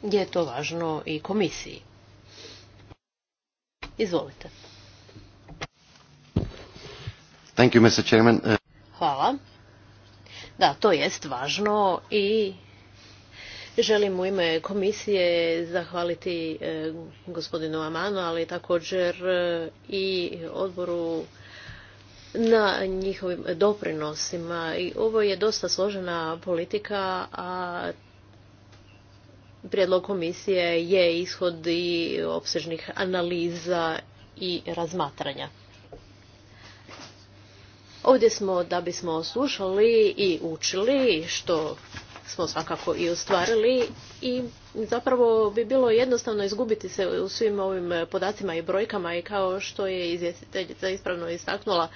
je to važno i komisiji. Izvolite. Hvala. Da, to jest važno i Želim u ime komisije zahvaliti e, gospodinu Amanu, ali također e, i odboru na njihovim doprinosima. I ovo je dosta složena politika, a prijedlog komisije je ishod i opsežnih analiza i razmatranja. Ovdje smo da bismo slušali i učili što smo svakako i ostvarili i zapravo bi bilo jednostavno izgubiti se u svim ovim podacima i brojkama i kao što je izvjestiteljica ispravno istaknula,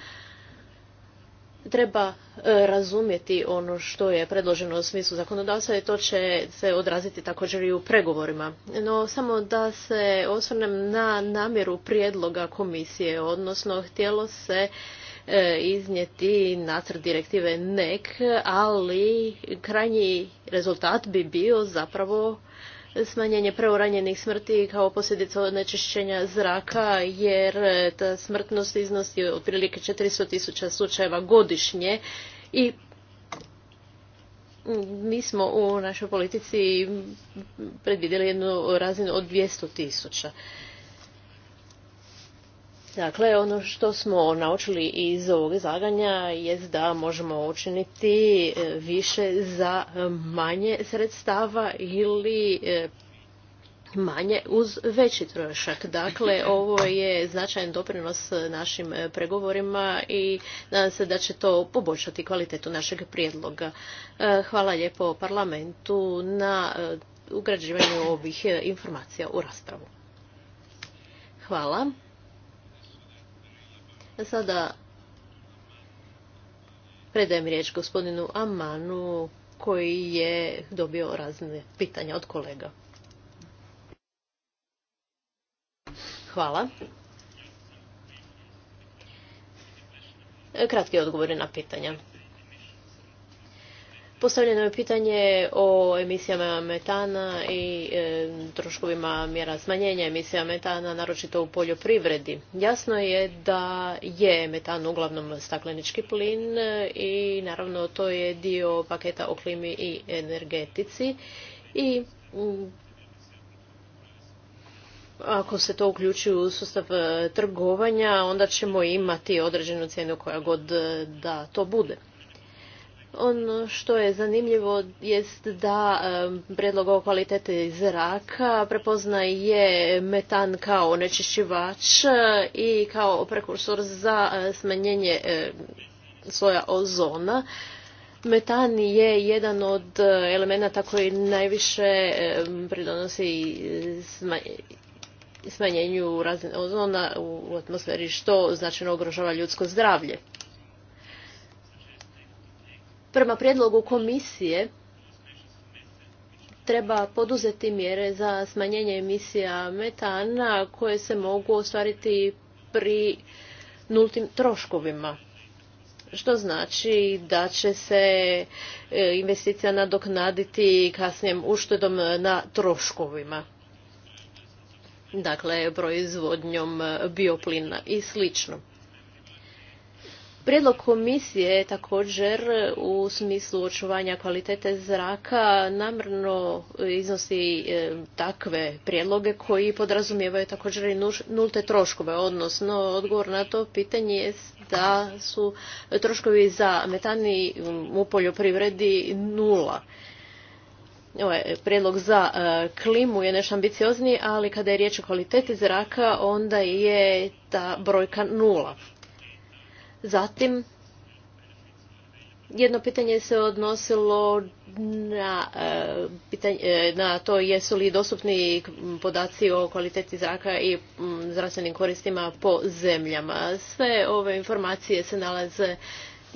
treba e, razumjeti ono što je predloženo u smislu zakonodavstva i to će se odraziti također i u pregovorima. No samo da se osvrnem na namjeru prijedloga komisije, odnosno htjelo se E, iznijeti nacrt direktive NEC, ali krajnji rezultat bi bio zapravo smanjenje preuranjenih smrti kao posljedica onečišćenja zraka, jer e, ta smrtnost iznosi otprilike 400 tisuća slučajeva godišnje i mi smo u našoj politici predvidjeli jednu razinu od 200 tisuća. Dakle, ono što smo naučili iz ovog izlaganja je da možemo učiniti e, više za e, manje sredstava ili e, manje uz veći trošak. Dakle, ovo je značajan doprinos našim pregovorima i nadam se da će to poboljšati kvalitetu našeg prijedloga. Hvala lijepo parlamentu na ugrađivanju ovih informacija u raspravu. Hvala. Sada predajem riječ gospodinu Amanu koji je dobio razne pitanja od kolega. Hvala. Kratki odgovori na pitanja. Postavljeno je pitanje o emisijama metana i e, troškovima mjera smanjenja emisija metana, naročito u poljoprivredi. Jasno je da je metan uglavnom staklenički plin i naravno to je dio paketa o klimi i energetici i ako se to uključi u sustav e, trgovanja, onda ćemo imati određenu cijenu koja god e, da to bude. Ono što je zanimljivo jest da predlog o kvaliteti zraka prepoznaje metan kao onečišćivač e, i kao prekursor za e, smanjenje e, svoja ozona. Metan je jedan od elemenata koji najviše pridonosi smanjenju razine ozona u atmosferi što značajno ugrožava ljudsko zdravlje. Prema prijedlogu komisije treba poduzeti mjere za smanjenje emisija metana koje se mogu ostvariti pri nultim troškovima što znači da će se e, investicija nadoknaditi kasnijem uštedom na troškovima. Dakle, proizvodnjom bioplina i slično. Prijedlog komisije također u smislu očuvanja kvalitete zraka namrno iznosi e, takve prijedloge koji podrazumijevaju također i nulte troškove, odnosno odgovor na to pitanje je da su troškovi za metani mm, u poljoprivredi nula. Ovaj prijedlog za e, klimu je nešto ambiciozniji, ali kada je riječ o kvaliteti zraka, onda je ta brojka nula. Zatim, jedno pitanje se odnosilo na, e, e, na to jesu li dostupni podaci o kvaliteti zraka i mm, zdravstvenim koristima po zemljama. Sve ove informacije se nalaze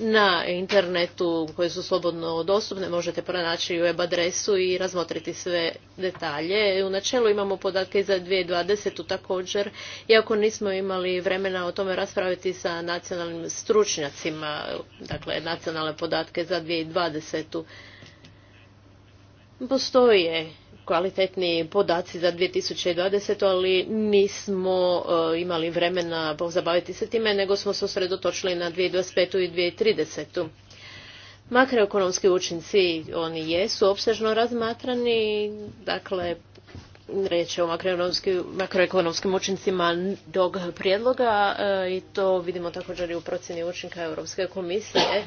na internetu koje su slobodno dostupne, možete pronaći web adresu i razmotriti sve detalje. U načelu imamo podatke za 2020. također, iako nismo imali vremena o tome raspraviti sa nacionalnim stručnjacima, dakle nacionalne podatke za 2020. Postoje kvalitetni podaci za 2020. ali nismo e, imali vremena zabaviti se time, nego smo se usredotočili na 2025. i 2030. Makroekonomski učinci, oni jesu opsežno razmatrani, dakle, je o makroekonomskim, makroekonomskim učincima do prijedloga e, i to vidimo također i u procjeni učinka Europske komisije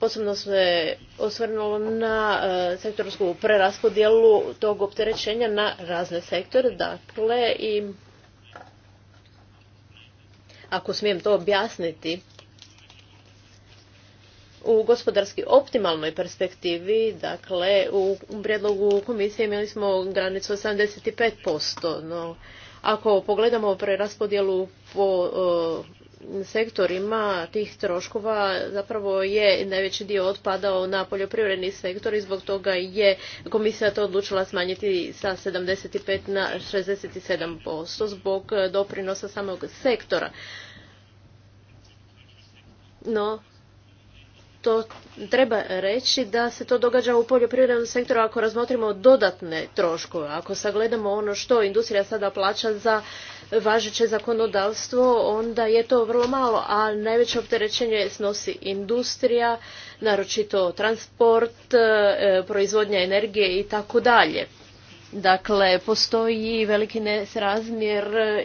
Posebno se osvrnulo na e, sektorsku preraspodjelu tog opterećenja na razne sektore. Dakle, i ako smijem to objasniti, u gospodarski optimalnoj perspektivi, dakle u prijedlogu komisije imali smo granicu 75%, no ako pogledamo preraspodjelu po e, sektorima tih troškova zapravo je najveći dio otpadao na poljoprivredni sektor i zbog toga je komisija to odlučila smanjiti sa 75 na 67% zbog doprinosa samog sektora. No, to treba reći da se to događa u poljoprivrednom sektoru ako razmotrimo dodatne troškove, ako sagledamo ono što industrija sada plaća za važeće zakonodavstvo, onda je to vrlo malo, a najveće opterećenje snosi industrija, naročito transport, e, proizvodnja energije i tako dalje. Dakle, postoji veliki nesrazmjer e,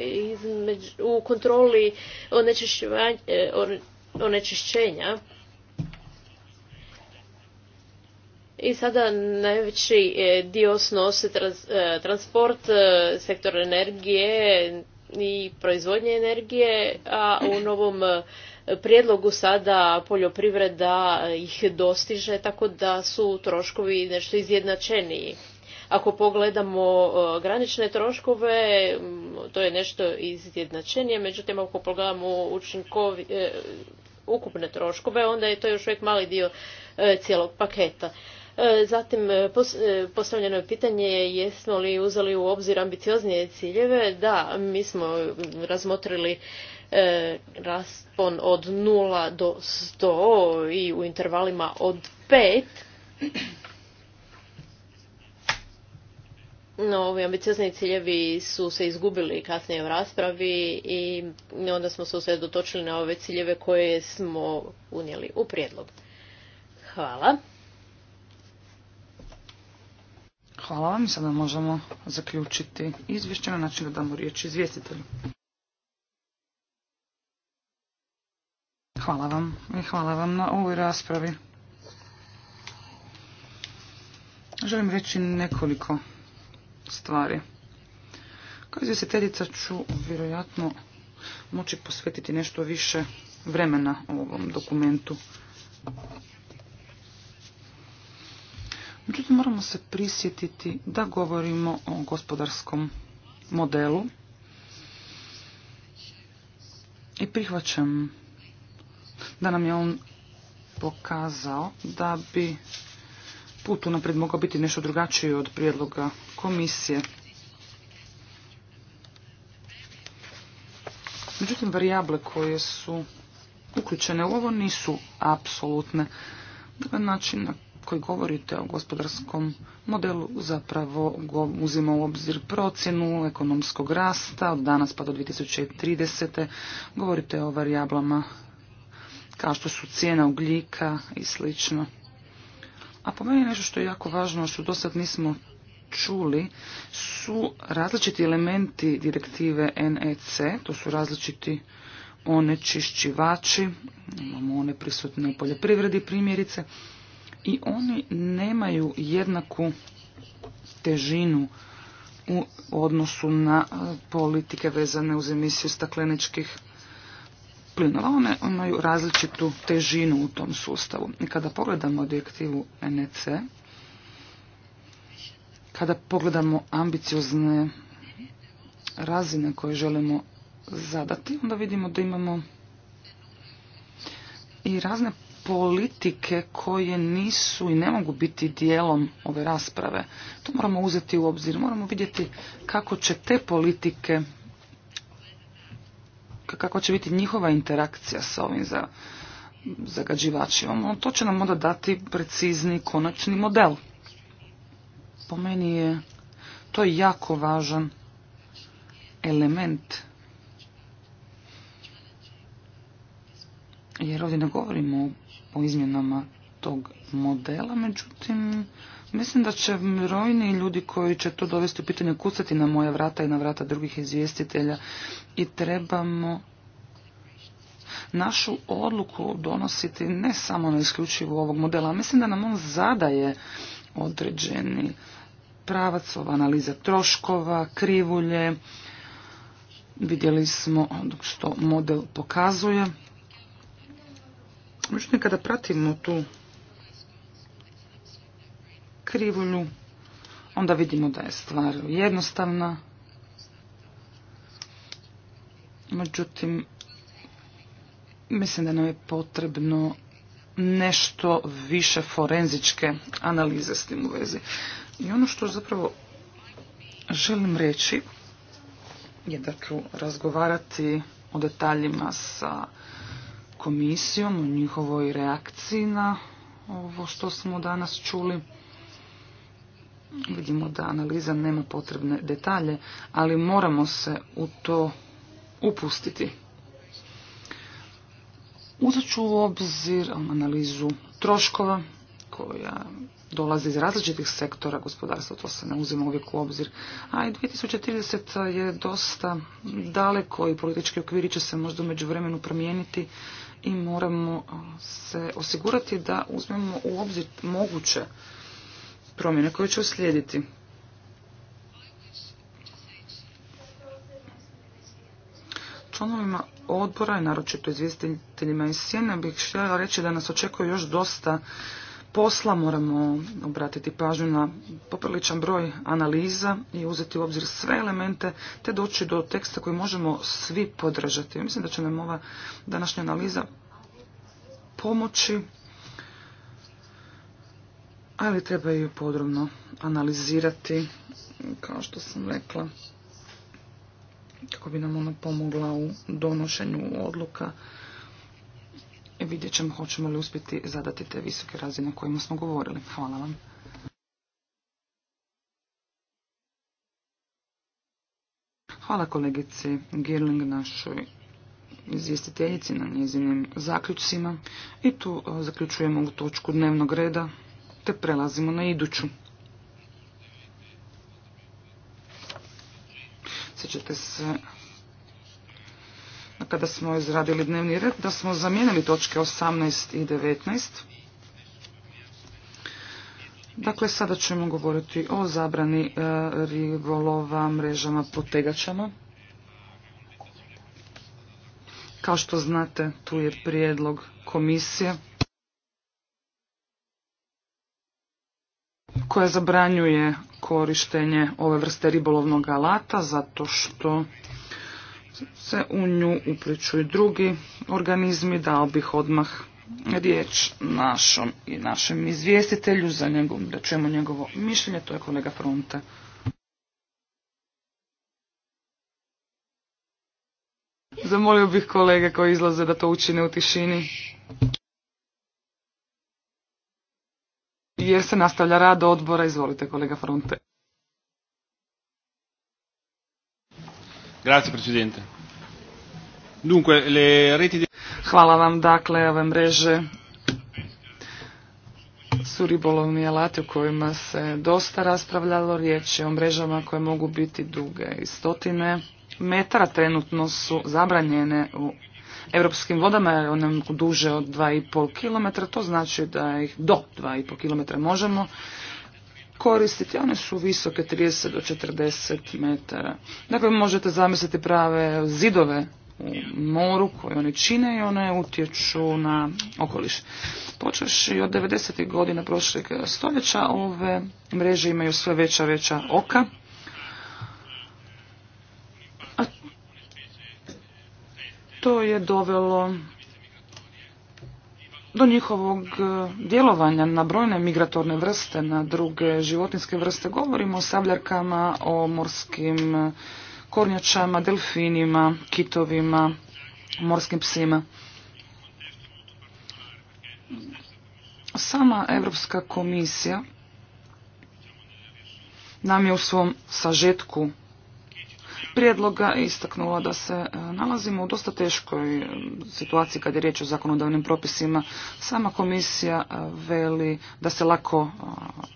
u kontroli e, onečišćenja. I sada najveći dio snose transport, sektor energije, i proizvodnje energije, a u novom e, prijedlogu sada poljoprivreda ih dostiže, tako da su troškovi nešto izjednačeniji. Ako pogledamo e, granične troškove, to je nešto izjednačenije, međutim ako pogledamo učinkovi, e, ukupne troškove, onda je to još uvijek mali dio cijelog paketa. E, zatim e, e, postavljeno je pitanje jesmo li uzeli u obzir ambicioznije ciljeve. Da, mi smo razmotrili raspon od nula do 100 i u intervalima od pet. No, ovi ambiciozni ciljevi su se izgubili kasnije u raspravi i onda smo se usredotočili na ove ciljeve koje smo unijeli u prijedlog. Hvala. Hvala vam. Sada možemo zaključiti izvješće na način da damo riječ izvjestitelju. Hvala vam i hvala vam na ovoj raspravi. Želim reći nekoliko stvari. Kao izvjestiteljica ću vjerojatno moći posvetiti nešto više vremena ovom dokumentu. Međutim, moramo se prisjetiti da govorimo o gospodarskom modelu i prihvaćam da nam je on pokazao da bi put unaprijed mogao biti nešto drugačiji od prijedloga komisije. Međutim, varijable koje su uključene u ovo nisu apsolutne. Dakle, način na koji govorite o gospodarskom modelu zapravo uzima u obzir procjenu ekonomskog rasta od danas pa do 2030. Govorite o varijablama kao što su cijena ugljika i sl. A po meni nešto što je jako važno, što do sad nismo čuli, su različiti elementi direktive NEC, to su različiti onečišćivači, imamo one prisutne u poljoprivredi primjerice, i oni nemaju jednaku težinu u odnosu na e, politike vezane uz emisiju stakleničkih plinova. One imaju različitu težinu u tom sustavu. I kada pogledamo direktivu NEC, kada pogledamo ambiciozne razine koje želimo zadati, onda vidimo da imamo i razne politike koje nisu i ne mogu biti dijelom ove rasprave. To moramo uzeti u obzir. Moramo vidjeti kako će te politike, kako će biti njihova interakcija sa ovim za zagađivačima. To će nam onda dati precizni konačni model. Po meni je to jako važan element. Jer ovdje ne govorimo o o izmjenama tog modela, međutim, mislim da će brojni ljudi koji će to dovesti u pitanje kucati na moja vrata i na vrata drugih izvjestitelja i trebamo našu odluku donositi ne samo na isključivo ovog modela. Mislim da nam on zadaje određeni pravac, ova analiza troškova, krivulje. Vidjeli smo što model pokazuje. Međutim, kada pratimo tu krivulju, onda vidimo da je stvar jednostavna. Međutim, mislim da nam je potrebno nešto više forenzičke analize s tim u vezi. I ono što zapravo želim reći je da ću razgovarati o detaljima sa komisijom o njihovoj reakciji na ovo što smo danas čuli. Vidimo da analiza nema potrebne detalje, ali moramo se u to upustiti. Uzet ću u obzir analizu troškova koja dolazi iz različitih sektora gospodarstva, to se ne uzima uvijek u obzir. A i 2030 je dosta daleko i politički okviri će se možda među vremenu promijeniti i moramo se osigurati da uzmemo u obzir moguće promjene koje će uslijediti. Članovima odbora i naročito izvjestiteljima iz Sjene bih htjela reći da nas očekuje još dosta posla, moramo obratiti pažnju na popriličan broj analiza i uzeti u obzir sve elemente, te doći do teksta koji možemo svi podržati. Mislim da će nam ova današnja analiza pomoći, ali treba ju podrobno analizirati, kao što sam rekla, kako bi nam ona pomogla u donošenju odluka vidjet ćemo hoćemo li uspjeti zadati te visoke razine o kojima smo govorili. Hvala vam. Hvala kolegici Girling, našoj izvjestiteljici na njezinim zaključcima. I tu e, zaključujemo u točku dnevnog reda, te prelazimo na iduću. Sjećate se kada smo izradili dnevni red, da smo zamijenili točke 18 i 19. Dakle, sada ćemo govoriti o zabrani e, ribolova mrežama potegačama. Kao što znate, tu je prijedlog komisije koja zabranjuje korištenje ove vrste ribolovnog alata zato što se u nju upličuju drugi organizmi. Dao bih odmah riječ našom i našem izvjestitelju za njegov, da čujemo njegovo mišljenje, to je kolega Fronte. Zamolio bih kolege koji izlaze da to učine u tišini. Jer se nastavlja rad odbora. Izvolite kolega Fronte. Grazie Presidente. Dunque, le reti... Hvala vam, dakle, ove mreže su ribolovni alati o kojima se dosta raspravljalo. Riječ je o mrežama koje mogu biti duge i stotine metara. Trenutno su zabranjene u europskim vodama jer one duže od 2,5 km. To znači da ih do 2,5 km možemo koristiti. One su visoke 30 do 40 metara. Dakle, možete zamisliti prave zidove u moru koje oni čine i one utječu na okoliš. Počeš i od 90. godina prošlog stoljeća ove mreže imaju sve veća veća oka. to je dovelo do njihovog e, djelovanja na brojne migratorne vrste, na druge životinske vrste. Govorimo o sabljarkama, o morskim e, kornjačama, delfinima, kitovima, morskim psima. Sama Europska komisija nam je u svom sažetku prijedloga istaknula da se e, nalazimo u dosta teškoj e, situaciji kad je riječ o zakonodavnim propisima. Sama komisija e, veli da se lako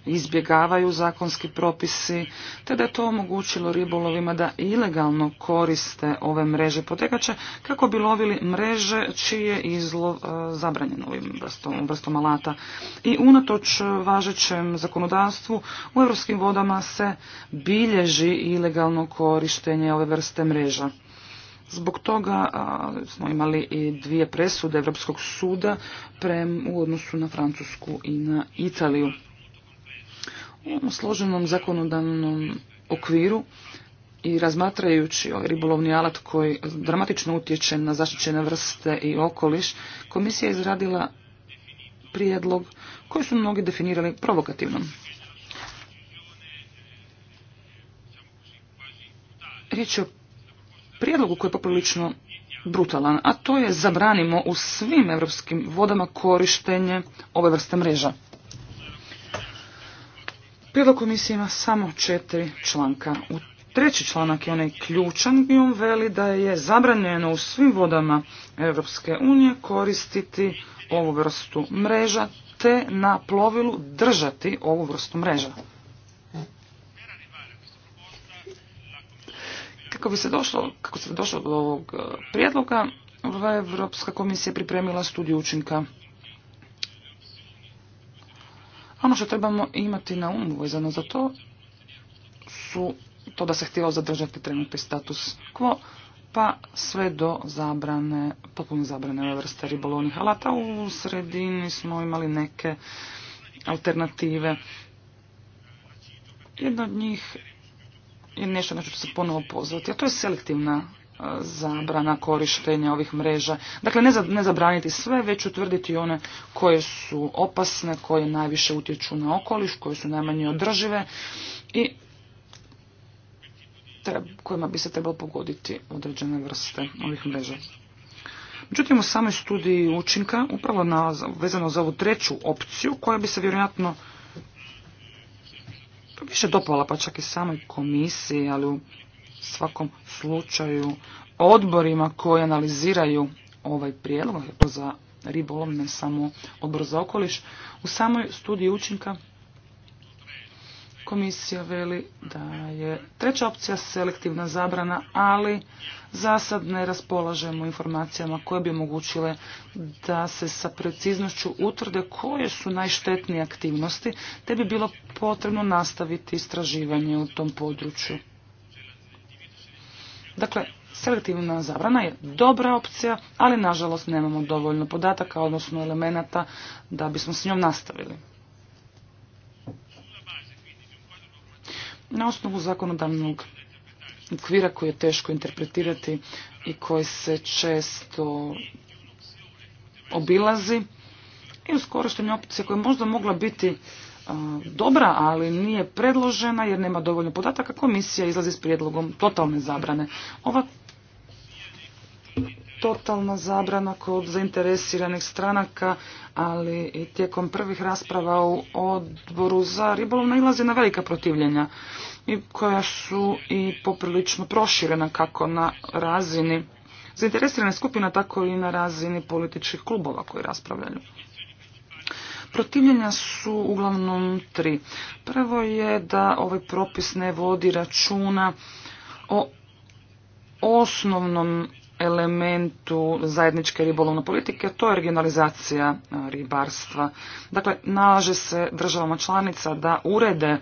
izbjegavaju zakonski propisi, te da je to omogućilo ribolovima da ilegalno koriste ove mreže potekače kako bi lovili mreže čije je izlov zabranjen ovim vrstom, vrstom alata. I unatoč važećem zakonodavstvu u europskim vodama se bilježi ilegalno korištenje korištenje ove vrste mreža. Zbog toga smo imali i dvije presude Europskog suda u odnosu na Francusku i na Italiju. U ovom složenom zakonodavnom okviru i razmatrajući ovaj ribolovni alat koji dramatično utječe na zaštićene vrste i okoliš, komisija je izradila prijedlog koji su mnogi definirali provokativnom. riječ je o prijedlogu koji je poprilično brutalan, a to je zabranimo u svim europskim vodama korištenje ove vrste mreža. Prijedlog komisije ima samo četiri članka. U treći članak je onaj ključan i on veli da je zabranjeno u svim vodama Europske unije koristiti ovu vrstu mreža te na plovilu držati ovu vrstu mreža. Kako bi se došlo, kako se došlo do ovog e, prijedloga, Europska komisija je pripremila studiju učinka. Ono što trebamo imati na umu vezano za to su to da se htjelo zadržati trenutni status quo, pa sve do zabrane, potpuno zabrane ove vrste ribolovnih alata. U sredini smo imali neke alternative. Jedna od njih je nešto na što ću se ponovo pozvati, a to je selektivna e, zabrana korištenja ovih mreža. Dakle, ne, zabraniti sve, već utvrditi one koje su opasne, koje najviše utječu na okoliš, koje su najmanje održive i kojima bi se trebalo pogoditi određene vrste ovih mreža. Međutim, u samoj studiji učinka, upravo na, vezano za ovu treću opciju, koja bi se vjerojatno pa više dopala pa čak i samoj komisiji, ali u svakom slučaju odborima koji analiziraju ovaj prijedlog, to za ribolov, ne samo odbor za okoliš, u samoj studiji učinka Komisija veli da je treća opcija selektivna zabrana, ali za sad ne raspolažemo informacijama koje bi omogućile da se sa preciznošću utvrde koje su najštetnije aktivnosti, te bi bilo potrebno nastaviti istraživanje u tom području. Dakle, selektivna zabrana je dobra opcija, ali nažalost nemamo dovoljno podataka, odnosno elemenata da bismo s njom nastavili. na osnovu zakonodavnog okvira koji je teško interpretirati i koji se često obilazi i uz korištenje opcije koja je možda mogla biti dobra, ali nije predložena jer nema dovoljno podataka, komisija izlazi s prijedlogom totalne zabrane. Ova totalna zabrana kod zainteresiranih stranaka, ali i tijekom prvih rasprava u odboru za ribolov nailazi na velika protivljenja i koja su i poprilično proširena kako na razini zainteresirane skupina, tako i na razini političkih klubova koji raspravljaju. Protivljenja su uglavnom tri. Prvo je da ovaj propis ne vodi računa o osnovnom elementu zajedničke ribolovne politike, to je regionalizacija e, ribarstva. Dakle, nalaže se državama članica da urede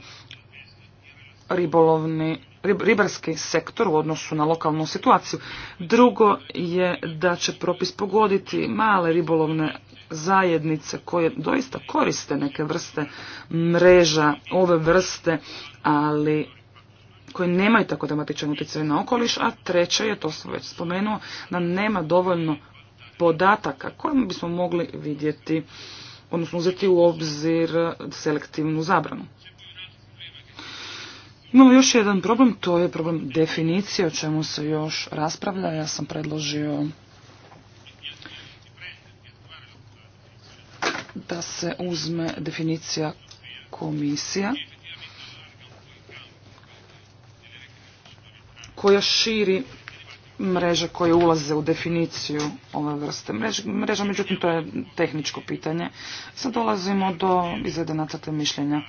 ribolovni ribarski sektor u odnosu na lokalnu situaciju. Drugo je da će propis pogoditi male ribolovne zajednice koje doista koriste neke vrste mreža, ove vrste, ali koje nemaju tako dramatičan utjecaj na okoliš, a treće je, to sam već spomenuo, da nema dovoljno podataka kojima bismo mogli vidjeti, odnosno uzeti u obzir selektivnu zabranu. Imamo još jedan problem, to je problem definicije, o čemu se još raspravlja. Ja sam predložio da se uzme definicija komisija koja širi mreže koje ulaze u definiciju ove vrste mreža, mreža međutim to je tehničko pitanje. Sad dolazimo do izvedena nacrta mišljenja.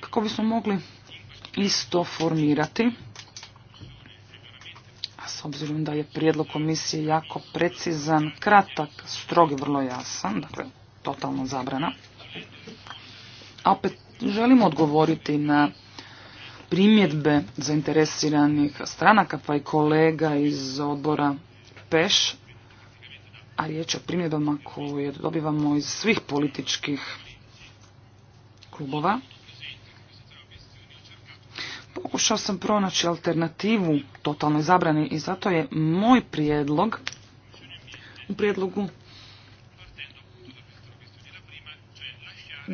Kako bismo mogli isto formirati, a s obzirom da je prijedlog komisije jako precizan, kratak, strog i vrlo jasan, dakle totalno zabrana, a opet želimo odgovoriti na primjedbe zainteresiranih stranaka pa i kolega iz odbora Peš, a riječ je o primjedbama koje dobivamo iz svih političkih klubova. Pokušao sam pronaći alternativu totalnoj zabrani i zato je moj prijedlog u prijedlogu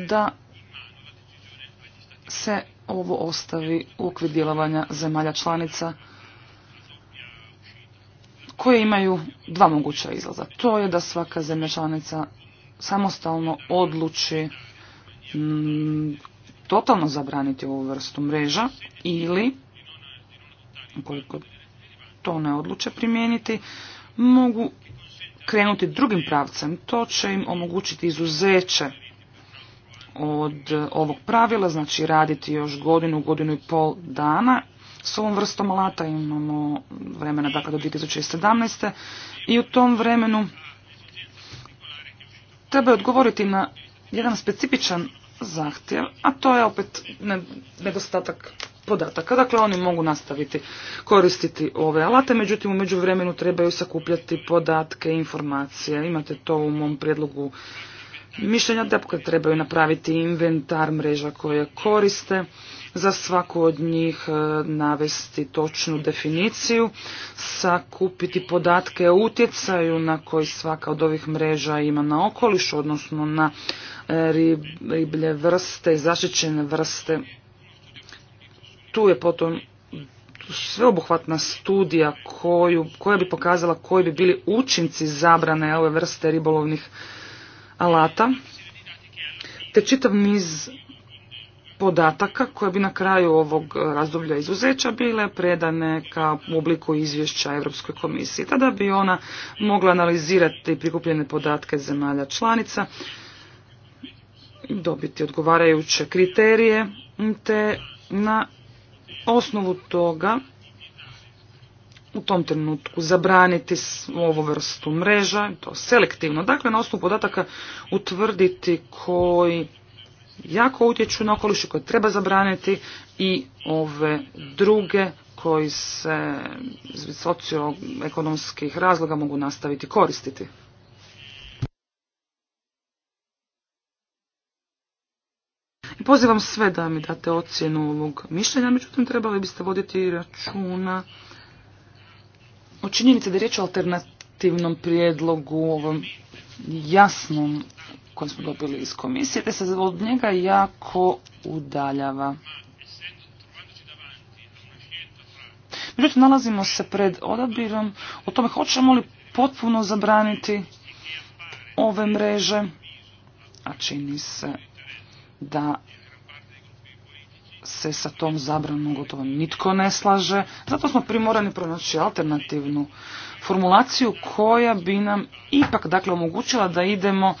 da se ovo ostavi ukvid djelovanja zemalja članica koje imaju dva moguća izlaza. To je da svaka zemlja članica samostalno odluči mm, totalno zabraniti ovu vrstu mreža ili ukoliko to ne odluče primijeniti, mogu krenuti drugim pravcem. To će im omogućiti izuzeće od ovog pravila, znači raditi još godinu, godinu i pol dana. S ovom vrstom alata imamo vremena dakle do 2017. i u tom vremenu treba odgovoriti na jedan specifičan zahtjev, a to je opet nedostatak podataka. Dakle, oni mogu nastaviti koristiti ove alate, međutim, u međuvremenu trebaju sakupljati podatke, informacije. Imate to u mom prijedlogu mišljenja da trebaju napraviti inventar mreža koje koriste, za svaku od njih e, navesti točnu definiciju, sakupiti podatke o utjecaju na koji svaka od ovih mreža ima na okoliš, odnosno na e, riblje vrste zaštićene vrste. Tu je potom sveobuhvatna studija koju, koja bi pokazala koji bi bili učinci zabrane ove vrste ribolovnih alata, te čitav niz podataka koje bi na kraju ovog razdoblja izuzeća bile predane ka u obliku izvješća Europskoj komisiji. Tada bi ona mogla analizirati prikupljene podatke zemalja članica, dobiti odgovarajuće kriterije, te na osnovu toga u tom trenutku zabraniti ovu vrstu mreža, to selektivno. Dakle, na osnovu podataka utvrditi koji jako utječu na okoliš koje treba zabraniti i ove druge koji se iz socioekonomskih razloga mogu nastaviti koristiti. Pozivam sve da mi date ocjenu ovog mišljenja, međutim trebali biste voditi računa o činjenici da je riječ o alternativnom prijedlogu, ovom jasnom koji smo dobili iz komisije, te se od njega jako udaljava. Međutim, nalazimo se pred odabirom o tome hoćemo li potpuno zabraniti ove mreže, a čini se da se sa tom zabranom gotovo nitko ne slaže. Zato smo primorani pronaći alternativnu formulaciju koja bi nam ipak dakle, omogućila da idemo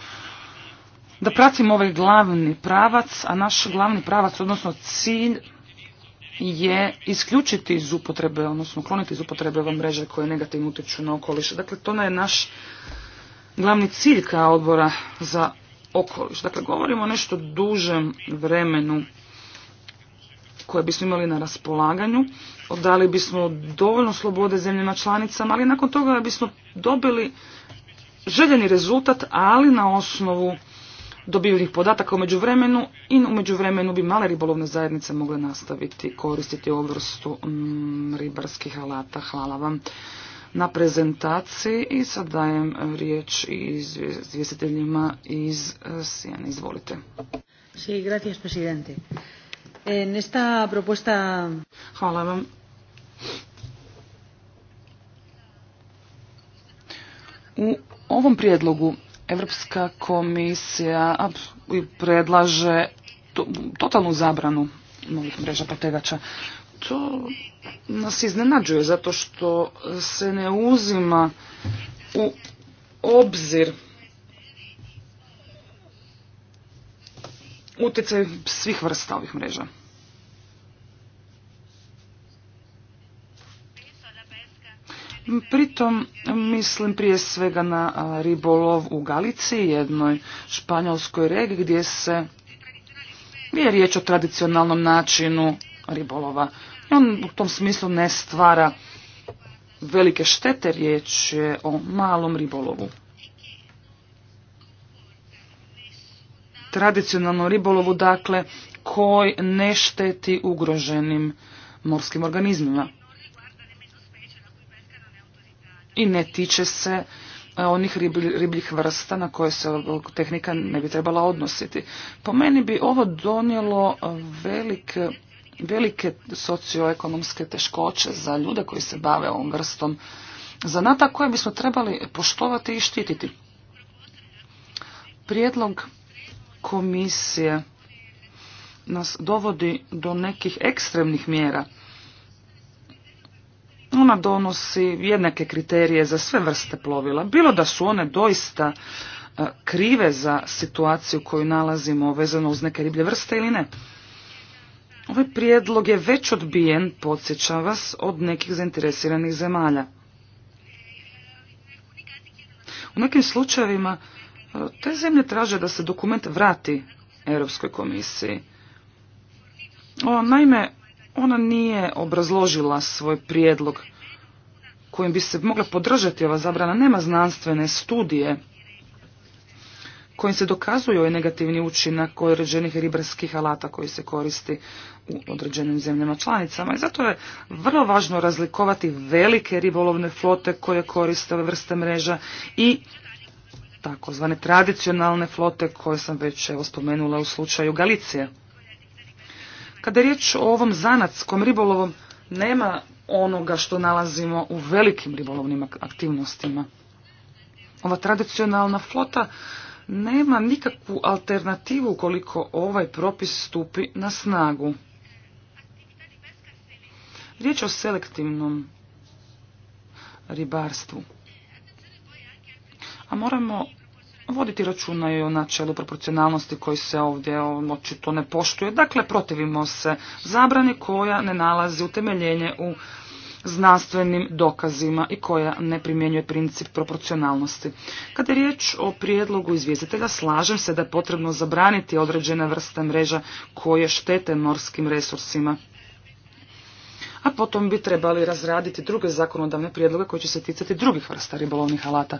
da pratimo ovaj glavni pravac, a naš glavni pravac, odnosno cilj, je isključiti iz upotrebe, odnosno kloniti iz upotrebe ove mreže koje negativno utječu na okoliš. Dakle, to je naš glavni cilj kao odbora za okoliš. Dakle, govorimo o nešto dužem vremenu koje bismo imali na raspolaganju, dali bismo dovoljno slobode zemljama članicama, ali nakon toga bismo dobili željeni rezultat, ali na osnovu dobivenih podataka u međuvremenu i u međuvremenu bi male ribolovne zajednice mogle nastaviti koristiti ovu vrstu mm, ribarskih alata. Hvala vam na prezentaciji i sad dajem riječ izvjestiteljima iz eh, Sijane. Izvolite. Sí, gracias, presidente. En esta Hvala vam. U ovom prijedlogu Europska komisija predlaže totalnu zabranu novih mreža pategača. To nas iznenađuje zato što se ne uzima u obzir utjecaj svih vrsta ovih mreža. Pritom mislim prije svega na ribolov u Galici, jednoj španjolskoj regiji gdje se je riječ o tradicionalnom načinu ribolova. On u tom smislu ne stvara velike štete, riječ je o malom ribolovu. tradicionalnom ribolovu, dakle, koji ne šteti ugroženim morskim organizmima. I ne tiče se e, onih ribljih vrsta na koje se tehnika ne bi trebala odnositi. Po meni bi ovo donijelo velike, velike socioekonomske teškoće za ljude koji se bave ovom vrstom zanata koje bismo trebali poštovati i štititi. Prijedlog komisije nas dovodi do nekih ekstremnih mjera. Ona donosi jednake kriterije za sve vrste plovila, bilo da su one doista e, krive za situaciju koju nalazimo vezano uz neke riblje vrste ili ne. Ovaj prijedlog je već odbijen, podsjećam vas, od nekih zainteresiranih zemalja. U nekim slučajevima te zemlje traže da se dokument vrati Europskoj komisiji. naime, ona nije obrazložila svoj prijedlog kojim bi se mogla podržati ova zabrana. Nema znanstvene studije kojim se dokazuje ovaj negativni učinak određenih ribarskih alata koji se koristi u određenim zemljama članicama. I zato je vrlo važno razlikovati velike ribolovne flote koje koriste ove vrste mreža i takozvane tradicionalne flote koje sam već evo spomenula u slučaju Galicije. Kada je riječ o ovom zanatskom ribolovom, nema onoga što nalazimo u velikim ribolovnim aktivnostima. Ova tradicionalna flota nema nikakvu alternativu koliko ovaj propis stupi na snagu. Riječ o selektivnom ribarstvu a moramo voditi računa i o načelu proporcionalnosti koji se ovdje očito ne poštuje. Dakle, protivimo se zabrani koja ne nalazi utemeljenje u znanstvenim dokazima i koja ne primjenjuje princip proporcionalnosti. Kada je riječ o prijedlogu izvjestitelja, slažem se da je potrebno zabraniti određene vrste mreža koje štete morskim resursima. A potom bi trebali razraditi druge zakonodavne prijedloge koje će se ticati drugih vrsta ribolovnih alata.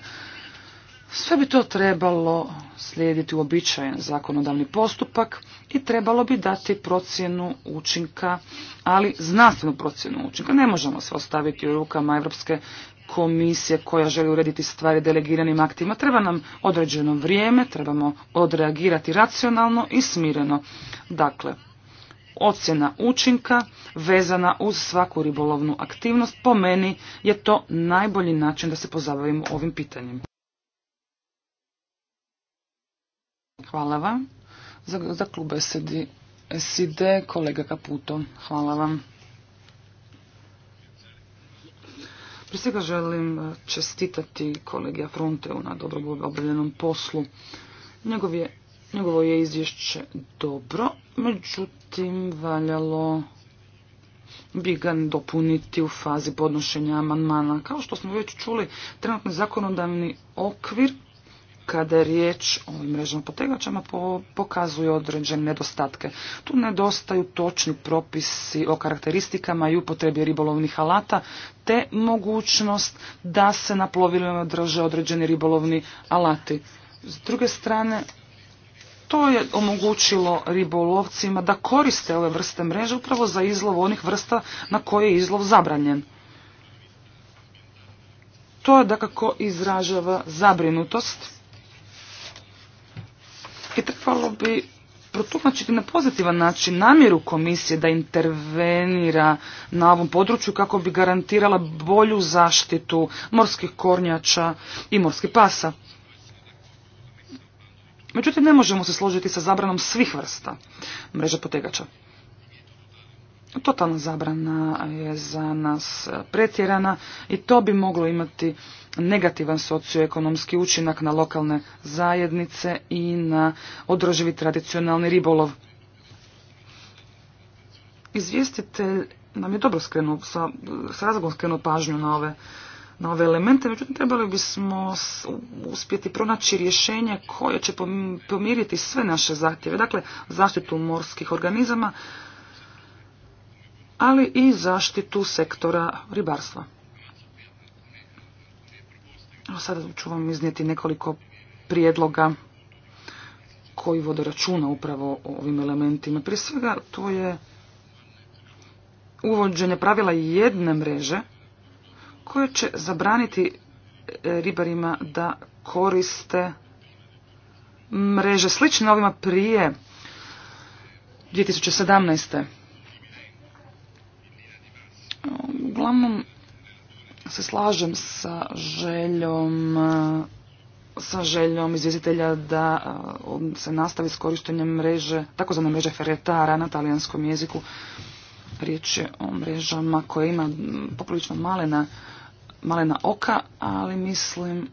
Sve bi to trebalo slijediti uobičajen zakonodavni postupak i trebalo bi dati procjenu učinka, ali znanstvenu procjenu učinka. Ne možemo se ostaviti u rukama Europske komisije koja želi urediti stvari delegiranim aktima. Treba nam određeno vrijeme, trebamo odreagirati racionalno i smireno. Dakle, ocjena učinka vezana uz svaku ribolovnu aktivnost, po meni je to najbolji način da se pozabavimo ovim pitanjem. Hvala vam. Za, za klub SID kolega Kaputo. Hvala vam. Prije svega želim e, čestitati kolegi Afronteu na dobro obavljenom poslu. njegovo je izvješće dobro, međutim valjalo bi ga dopuniti u fazi podnošenja amandmana. Kao što smo već čuli, trenutni zakonodavni okvir kada je riječ o ovim mrežama potegačama po, pokazuju određene nedostatke. Tu nedostaju točni propisi o karakteristikama i upotrebi ribolovnih alata te mogućnost da se na plovilima drže određeni ribolovni alati. S druge strane, to je omogućilo ribolovcima da koriste ove vrste mreže upravo za izlov onih vrsta na koje je izlov zabranjen. To je dakako izražava zabrinutost i trebalo bi protumačiti na pozitivan način namjeru komisije da intervenira na ovom području kako bi garantirala bolju zaštitu morskih kornjača i morskih pasa. Međutim, ne možemo se složiti sa zabranom svih vrsta mreža potegača. Totalna zabrana je za nas pretjerana i to bi moglo imati negativan socioekonomski učinak na lokalne zajednice i na održivi tradicionalni ribolov. Izvjestitelj nam je dobro skrenuo, s razlogom skrenuo pažnju na ove, na ove elemente, međutim trebali bismo uspjeti pronaći rješenje koje će pomiriti sve naše zahtjeve, dakle zaštitu morskih organizama, ali i zaštitu sektora ribarstva. Sada ću vam iznijeti nekoliko prijedloga koji vode računa upravo o ovim elementima. Prije svega to je uvođenje pravila jedne mreže koje će zabraniti e, ribarima da koriste mreže slične ovima prije 2017. Uglavnom se slažem sa željom sa željom izvjestitelja da e, se nastavi s korištenjem mreže, takozvane mreže feretara na talijanskom jeziku. Riječ je o mrežama koje ima poprilično malena, malena oka, ali mislim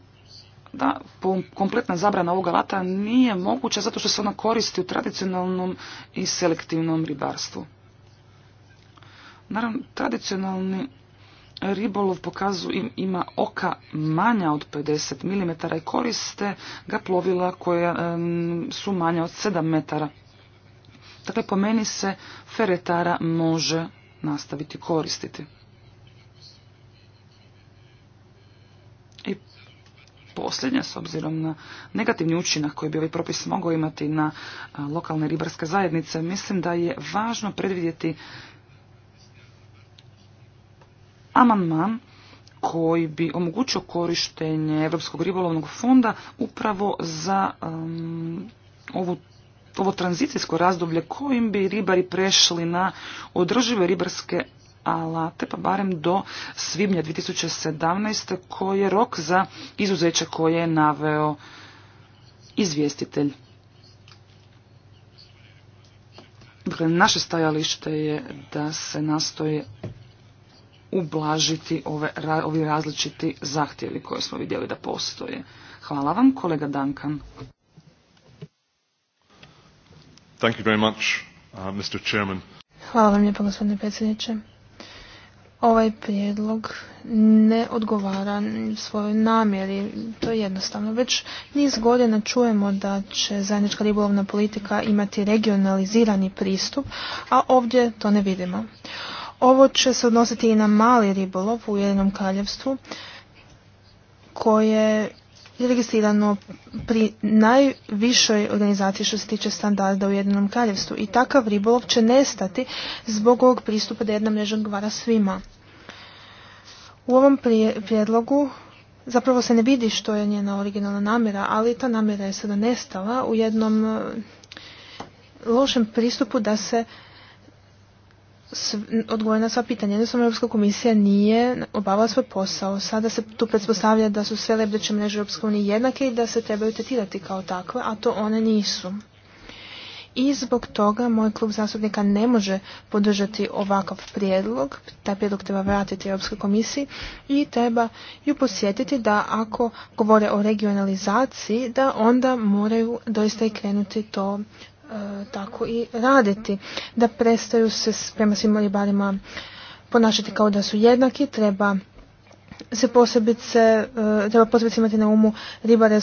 da kompletna zabrana ovog alata nije moguća zato što se ona koristi u tradicionalnom i selektivnom ribarstvu. Naravno, tradicionalni ribolov pokazu ima oka manja od 50 mm i koriste ga plovila koja su manja od 7 metara. Dakle, po meni se feretara može nastaviti koristiti. I posljednja, s obzirom na negativni učinak koji bi ovaj propis mogao imati na lokalne ribarske zajednice, mislim da je važno predvidjeti amandman koji bi omogućio korištenje Europskog ribolovnog fonda upravo za um, ovo tranzicijsko razdoblje kojim bi ribari prešli na održive ribarske alate, pa barem do svibnja 2017. koji je rok za izuzeće koje je naveo izvjestitelj. Dakle, naše stajalište je da se nastoje ublažiti ove, ovi različiti zahtjevi koje smo vidjeli da postoje. Hvala vam, kolega Duncan. Thank you very much, uh, Mr. Chairman. Hvala vam gospodine predsjedniče. Ovaj prijedlog ne odgovara svojoj namjeri, to je jednostavno. Već niz godina čujemo da će zajednička ribolovna politika imati regionalizirani pristup, a ovdje to ne vidimo. Ovo će se odnositi i na mali ribolov u Jednom kaljevstvu koje je registrirano pri najvišoj organizaciji što se tiče standarda u Jednom kaljevstvu. i takav ribolov će nestati zbog ovog pristupa da jedna mreža odgovara svima. U ovom prijedlogu zapravo se ne vidi što je njena originalna namjera, ali ta namjera je sada nestala u jednom eh, lošem pristupu da se odgovorila na sva pitanja. Jednostavno Europska komisija nije obavila svoj posao. Sada se tu pretpostavlja da su sve lebdeće mreže Europske unije jednake i da se trebaju tretirati kao takve, a to one nisu. I zbog toga moj klub zastupnika ne može podržati ovakav prijedlog. Taj prijedlog treba vratiti Europskoj komisiji i treba ju posjetiti da ako govore o regionalizaciji, da onda moraju doista i krenuti to E, tako i raditi. Da prestaju se prema svim ribarima ponašati kao da su jednaki, treba se posebice, e, treba posebice imati na umu ribare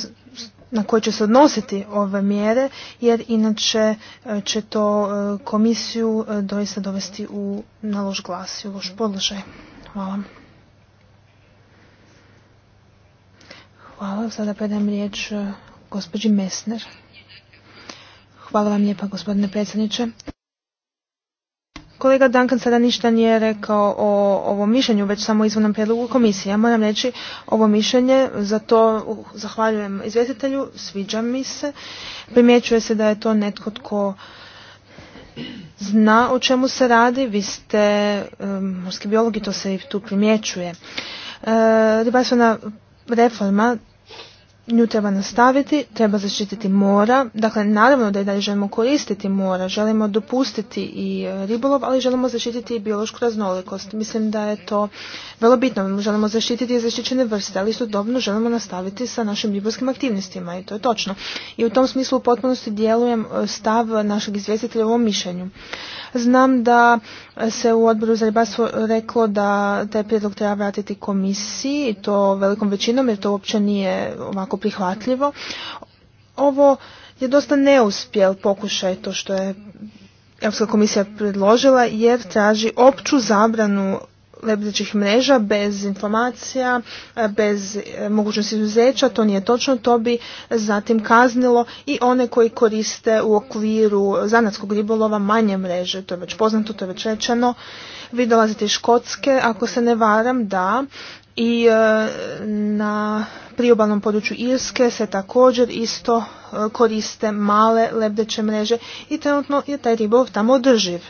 na koje će se odnositi ove mjere, jer inače e, će to komisiju doista dovesti u, na loš glas i u loš podložaj. Hvala. Hvala, sada predajem riječ gospođi Mesner. Hvala vam lijepa gospodine predsjedniče. Kolega Duncan sada ništa nije rekao o ovom mišljenju, već samo izvornom prijedlogu komisije. Ja moram reći ovo mišljenje, za to zahvaljujem izvjestitelju, sviđa mi se. Primjećuje se da je to netko tko zna o čemu se radi, vi ste um, morski to se i tu primjećuje. E, ribarstvena reforma nju treba nastaviti, treba zaštititi mora. Dakle, naravno da i dalje želimo koristiti mora, želimo dopustiti i ribolov, ali želimo zaštititi i biološku raznolikost. Mislim da je to vrlo bitno. Želimo zaštititi zaštićene vrste, ali istodobno želimo nastaviti sa našim ribarskim aktivnostima i to je točno. I u tom smislu u potpunosti djelujem e, stav našeg izvjestitelja u ovom mišljenju. Znam da se u odboru za ribarstvo reklo da taj prijedlog treba vratiti komisiji i to velikom većinom jer to uopće nije ovako prihvatljivo. Ovo je dosta neuspjel pokušaj to što je Europska komisija predložila jer traži opću zabranu lebdećih mreža bez informacija, bez e, mogućnosti izuzeća, to nije točno, to bi zatim kaznilo i one koji koriste u okviru zanatskog ribolova manje mreže, to je već poznato, to je već rečeno. Vi dolazite iz Škotske, ako se ne varam, da, i e, na priobalnom području Irske se također isto e, koriste male lebdeće mreže i trenutno je taj ribolov tamo održiv.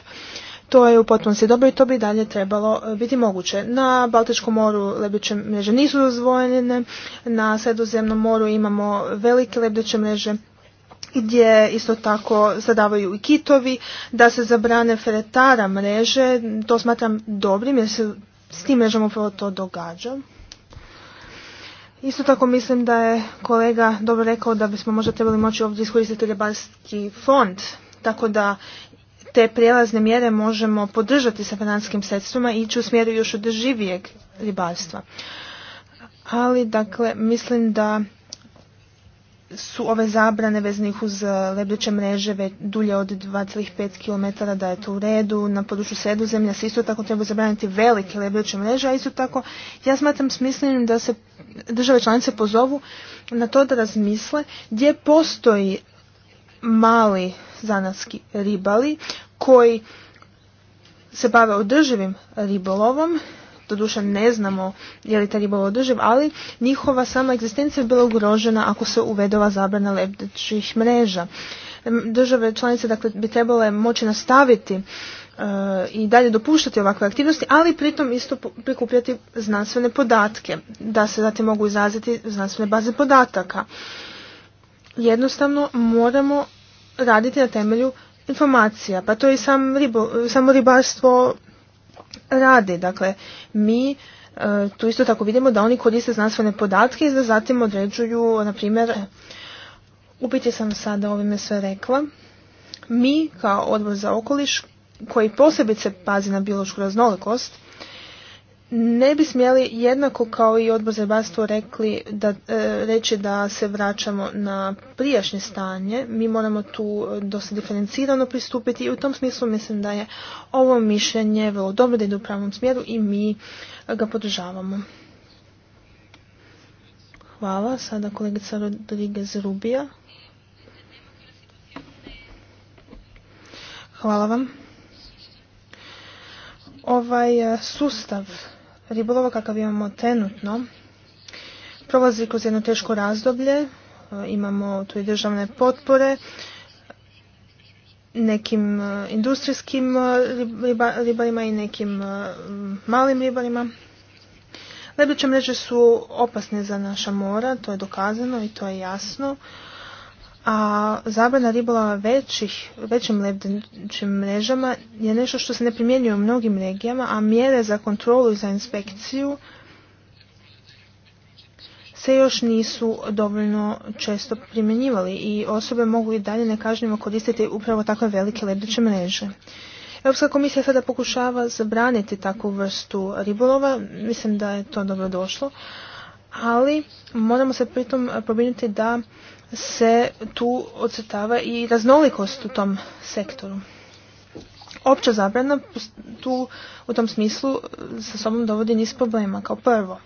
To je u potpunosti dobro i to bi dalje trebalo e, biti moguće. Na Baltičkom moru lebdeće mreže nisu dozvoljene, na Sredozemnom moru imamo velike lebdeće mreže gdje isto tako zadavaju i kitovi, da se zabrane feretara mreže, to smatram dobrim jer se s tim mrežama upravo to događa. Isto tako mislim da je kolega dobro rekao da bismo možda trebali moći ovdje iskoristiti ribarski fond, tako da te prijelazne mjere možemo podržati sa financijskim sredstvima i ići u smjeru još održivijeg ribarstva. Ali, dakle, mislim da su ove zabrane veznih uz e, lebdeće mreže dulje od 2,5 km da je to u redu. Na području sredozemlja se isto tako treba zabraniti velike lebdeće mreže, a isto tako ja smatram smislenim da se države članice pozovu na to da razmisle gdje postoji mali zanatski ribali koji se bave održivim ribolovom. Doduše ne znamo je li ta ribolov održiv, ali njihova sama egzistencija je bila ugrožena ako se uvede ova zabrana lebdećih mreža. Države članice dakle, bi trebale moći nastaviti e, i dalje dopuštati ovakve aktivnosti, ali pritom isto prikupljati znanstvene podatke, da se zatim mogu izraziti znanstvene baze podataka. Jednostavno moramo raditi na temelju informacija. Pa to i sam ribo, samo ribarstvo radi. Dakle, mi e, tu isto tako vidimo da oni koriste znanstvene podatke i da zatim određuju, na primjer, upiti sam sada ovime sve rekla, mi kao odbor za okoliš koji posebice pazi na biološku raznolikost, ne bi smjeli jednako kao i odbor za ribarstvo rekli da, e, reći da se vraćamo na prijašnje stanje. Mi moramo tu e, dosta diferencirano pristupiti i u tom smislu mislim da je ovo mišljenje vrlo dobro da ide u pravom smjeru i mi ga podržavamo. Hvala. Sada kolegica Rodriguez Rubija. Hvala vam. Ovaj e, sustav ribolova kakav imamo trenutno prolazi kroz jedno teško razdoblje. E, imamo tu i državne potpore nekim e, industrijskim e, ribarima i nekim malim ribarima. Lebiće mreže su opasne za naša mora, to je dokazano i to je jasno a zabrana ribolova većih, većim lebdećim mrežama je nešto što se ne primjenjuje u mnogim regijama, a mjere za kontrolu i za inspekciju se još nisu dovoljno često primjenjivali i osobe mogu i dalje nekažnjivo koristiti upravo takve velike lebdeće mreže. Europska komisija sada pokušava zabraniti takvu vrstu ribolova, mislim da je to dobro došlo, ali moramo se pritom pobrinuti da se tu ocrtava i raznolikost u tom sektoru. Opća zabrana tu u tom smislu sa sobom dovodi niz problema. Kao prvo,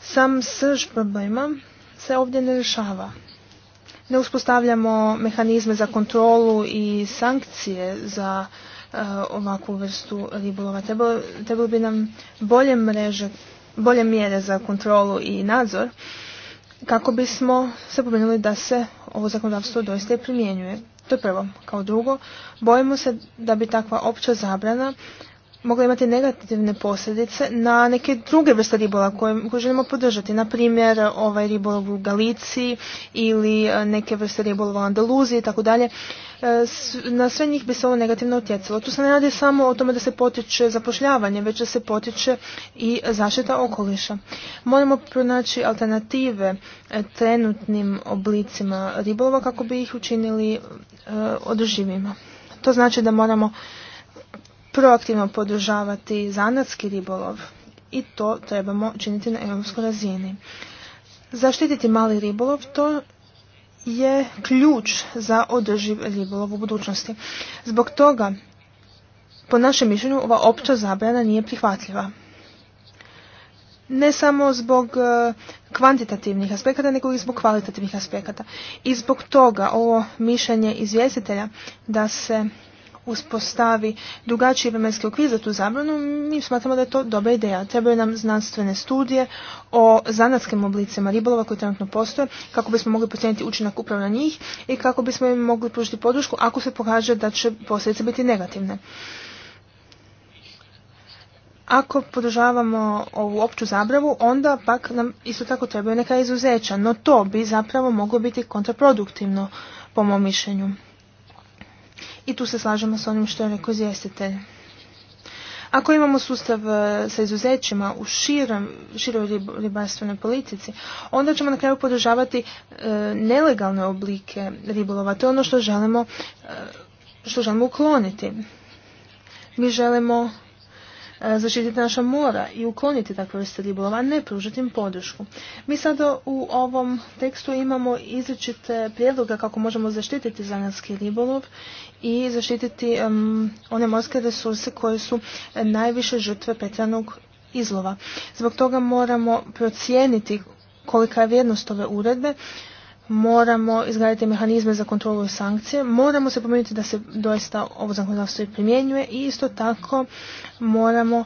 sam srž problema se ovdje ne rješava. Ne uspostavljamo mehanizme za kontrolu i sankcije za eh, ovakvu vrstu ribolova. Trebalo bi nam bolje mreže, bolje mjere za kontrolu i nadzor kako bismo se pobrinuli da se ovo zakonodavstvo doista i primjenjuje. To je prvo. Kao drugo, bojimo se da bi takva opća zabrana mogla imati negativne posljedice na neke druge vrste ribola koje, želimo podržati. Na primjer, ovaj ribolov u Galiciji ili e, neke vrste ribolova u Andaluziji i tako dalje. E, na sve njih bi se ovo negativno utjecalo. Tu se ne radi samo o tome da se potiče zapošljavanje, već da se potiče i zaštita okoliša. Moramo pronaći alternative e, trenutnim oblicima ribolova kako bi ih učinili održivima. To znači da moramo proaktivno podržavati zanatski ribolov i to trebamo činiti na europskoj razini. Zaštititi mali ribolov to je ključ za održiv ribolov u budućnosti. Zbog toga, po našem mišljenju, ova opća zabrana nije prihvatljiva. Ne samo zbog e, kvantitativnih aspekata, nego i zbog kvalitativnih aspekata. I zbog toga ovo mišljenje izvjestitelja da se uspostavi drugačiji vremenski okvir za tu zabranu, mi smatramo da je to dobra ideja. Trebaju nam znanstvene studije o zanatskim oblicima ribolova koji trenutno postoje, kako bismo mogli procijeniti učinak upravo na njih i kako bismo im mogli pružiti podršku ako se pokaže da će posljedice biti negativne. Ako podržavamo ovu opću zabravu, onda pak nam isto tako trebaju neka izuzeća, no to bi zapravo moglo biti kontraproduktivno po mom mišljenju. I tu se slažemo sa onim što je rekao izvjestitelj. Ako imamo sustav e, sa izuzećima u široj ribarstvenoj politici, onda ćemo na kraju podržavati e, nelegalne oblike ribolova. To je ono što želimo, e, što želimo ukloniti. Mi želimo E, zaštititi naša mora i ukloniti takve vrste ribolova, a ne pružiti im podršku. Mi sada u ovom tekstu imamo izričite prijedloga kako možemo zaštititi zanatski ribolov i zaštititi one morske resurse koje su najviše žrtve petranog izlova. Zbog toga moramo procijeniti kolika je vrijednost ove uredbe moramo izgraditi mehanizme za kontrolu i sankcije, moramo se pomenuti da se doista ovo zakonodavstvo i primjenjuje i isto tako moramo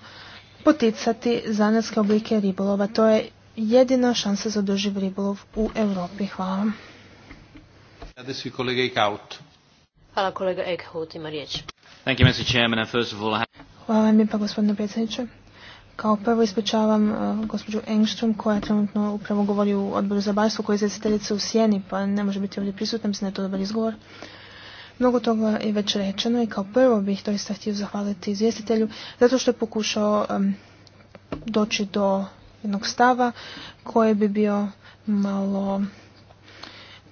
poticati zanatske oblike ribolova. To je jedina šansa za doživ ribolov u Europi. Hvala vam. Hvala kolega ima riječ. Hvala vam lijepa gospodine predsjedniče. Kao prvo ispričavam e, gospođu Engström koja trenutno upravo govori u odboru za barstvo koja je izvjestiteljica u Sjeni pa ne može biti ovdje prisutna, mislim da je to dobar izgovor. Mnogo toga je već rečeno i kao prvo bih isto htio zahvaliti izvjestitelju zato što je pokušao doći do jednog stava koji bi bio malo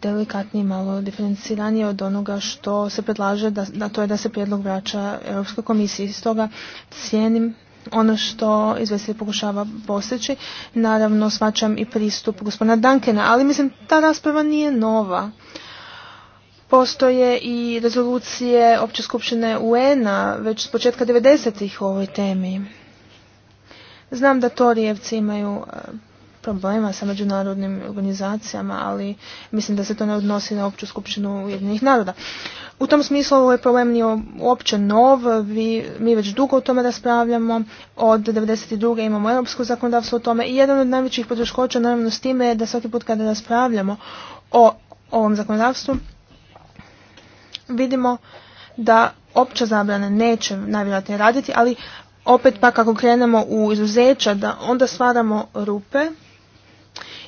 delikatniji, malo diferenciranije od onoga što se predlaže, da, to je da se prijedlog vraća Europskoj komisiji. Stoga cijenim ono što izvjestitelj pokušava postići. Naravno, svačam i pristup gospodina Dankena, ali mislim ta rasprava nije nova. Postoje i rezolucije Opće skupštine UN-a već s početka 90-ih o ovoj temi. Znam da Torijevci imaju problema sa međunarodnim organizacijama, ali mislim da se to ne odnosi na opću skupštinu Ujedinjenih naroda. U tom smislu je problem nije uopće nov, mi već dugo o tome raspravljamo, od 1992. imamo europsko zakonodavstvo o tome i jedan od najvećih poteškoća naravno s time je da svaki put kada raspravljamo o ovom zakonodavstvu vidimo da opća zabrana neće najvjerojatnije raditi, ali opet pa kako krenemo u izuzeća da onda stvaramo rupe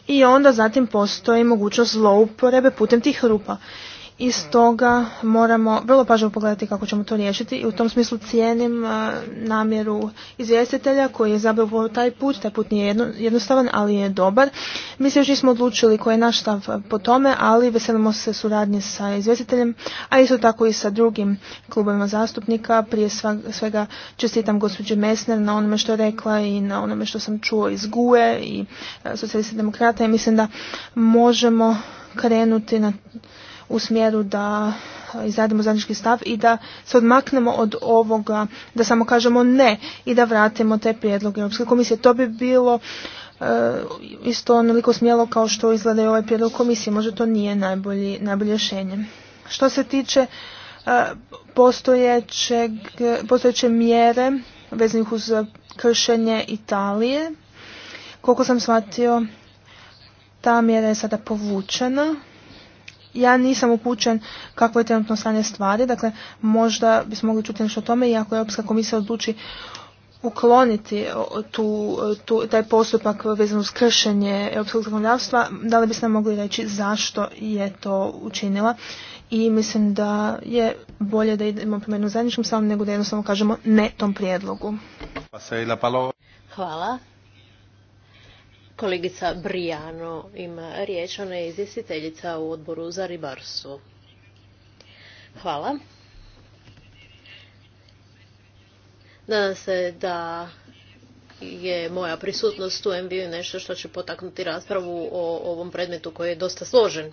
i onda zatim postoji mogućnost zlouporabe putem tih rupa i stoga moramo vrlo pažljivo pogledati kako ćemo to riješiti i u tom smislu cijenim e, namjeru izvjestitelja koji je zabavio taj put, taj put nije jednostavan ali je dobar. Mi se još nismo odlučili koji je naš stav po tome, ali veselimo se suradnje sa izvjestiteljem, a isto tako i sa drugim klubovima zastupnika. Prije svega čestitam gospođe Mesner na onome što je rekla i na onome što sam čuo iz GUE i e, socijalista demokrata i mislim da možemo krenuti na u smjeru da e, izradimo zajednički stav i da se odmaknemo od ovoga, da samo kažemo ne i da vratimo te prijedloge Europske komisije. To bi bilo e, isto onoliko smjelo kao što izgleda i ovaj prijedlog komisije. Možda to nije najbolji, najbolje rješenje. Što se tiče e, postojeće mjere veznih uz kršenje Italije, koliko sam shvatio, ta mjera je sada povučena ja nisam upućen kakvo je trenutno stanje stvari, dakle možda bismo mogli čuti nešto o tome i ako Europska komisija odluči ukloniti tu, tu, taj postupak vezan uz kršenje europskog zakonodavstva, da li biste mogli reći zašto je to učinila i mislim da je bolje da idemo prema jednom zajedničkom stavom nego da jednostavno kažemo ne tom prijedlogu. Hvala. Kolegica Brijano ima riječ, ona je izvjestiteljica u odboru za ribarstvo. Hvala. Nadam se da je moja prisutnost u MBU nešto što će potaknuti raspravu o ovom predmetu koji je dosta složen.